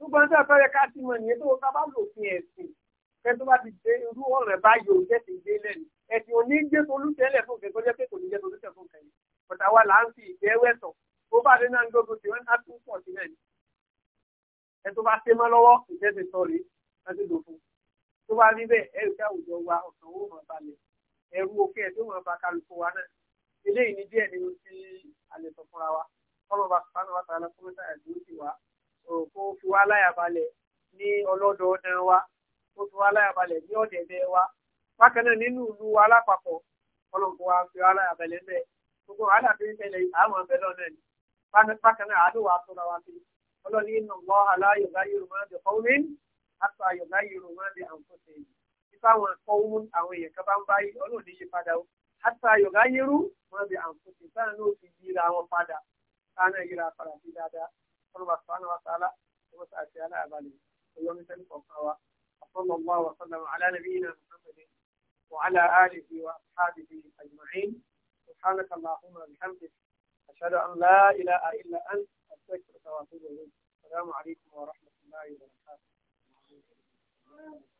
gbogbo ẹni tó yẹ ká sí mọ nìyẹn tó wọn bá lòfin ẹ̀sìn fẹ́ tó bá ti dé irú ọ̀rẹ́ báyìí òun tẹ̀sí dé lẹ́nu ẹ̀sìn òní ń jẹ́ tolútẹ́lẹ̀ fún kẹ́kọ́ jẹ́ pé kò ní jẹ́ tolútẹ́ fún kẹ́yìn bọ̀tà wa là ń fi ìgbẹ́wẹ́ sọ tó bá dé náà ń gbógun tí wọ́n á tún pọ̀ sí náà ni ẹ tó bá sé mọ́ lọ́wọ́ ìjẹ́sìn sọ̀rí láti lò fún tó bá rí bẹ́ẹ̀ ẹ̀rù ká àwùjọ wa ọ̀sán owó máa balẹ̀ ẹ̀rù ni díẹ̀ nínú tí a lè sọ fúnra wa kọ́lọ́ bá sọ fún wa kó fi wá láyàbalẹ̀ ní ọlọ́dọọdẹ wa kó fi wá láyàbalẹ̀ ní ọ̀dẹ̀dẹ̀ wa bákan náà nínú ìlú wa lápapọ̀ wa fi wá bẹ́ẹ̀ gbogbo wàhálà tó ń tẹ̀lé àwọn náà ni bákan náà àádọ́ wa tó ra wa ọlọ́ni la yughayyiru ma bi qawmin hatta yughayyiru ń olùwà sàánù wa sàálà olùwà sàáṣì aláàbálẹ̀ ọyọ́ mi sẹ́ni الله وسلم على نبينا محمد وعلى آله وأصحابه أجمعين سبحانك اللهم وبحمدك أشهد أن لا إله إلا أنت أستغفرك وأتوب إليك السلام عليكم ورحمة الله وبركاته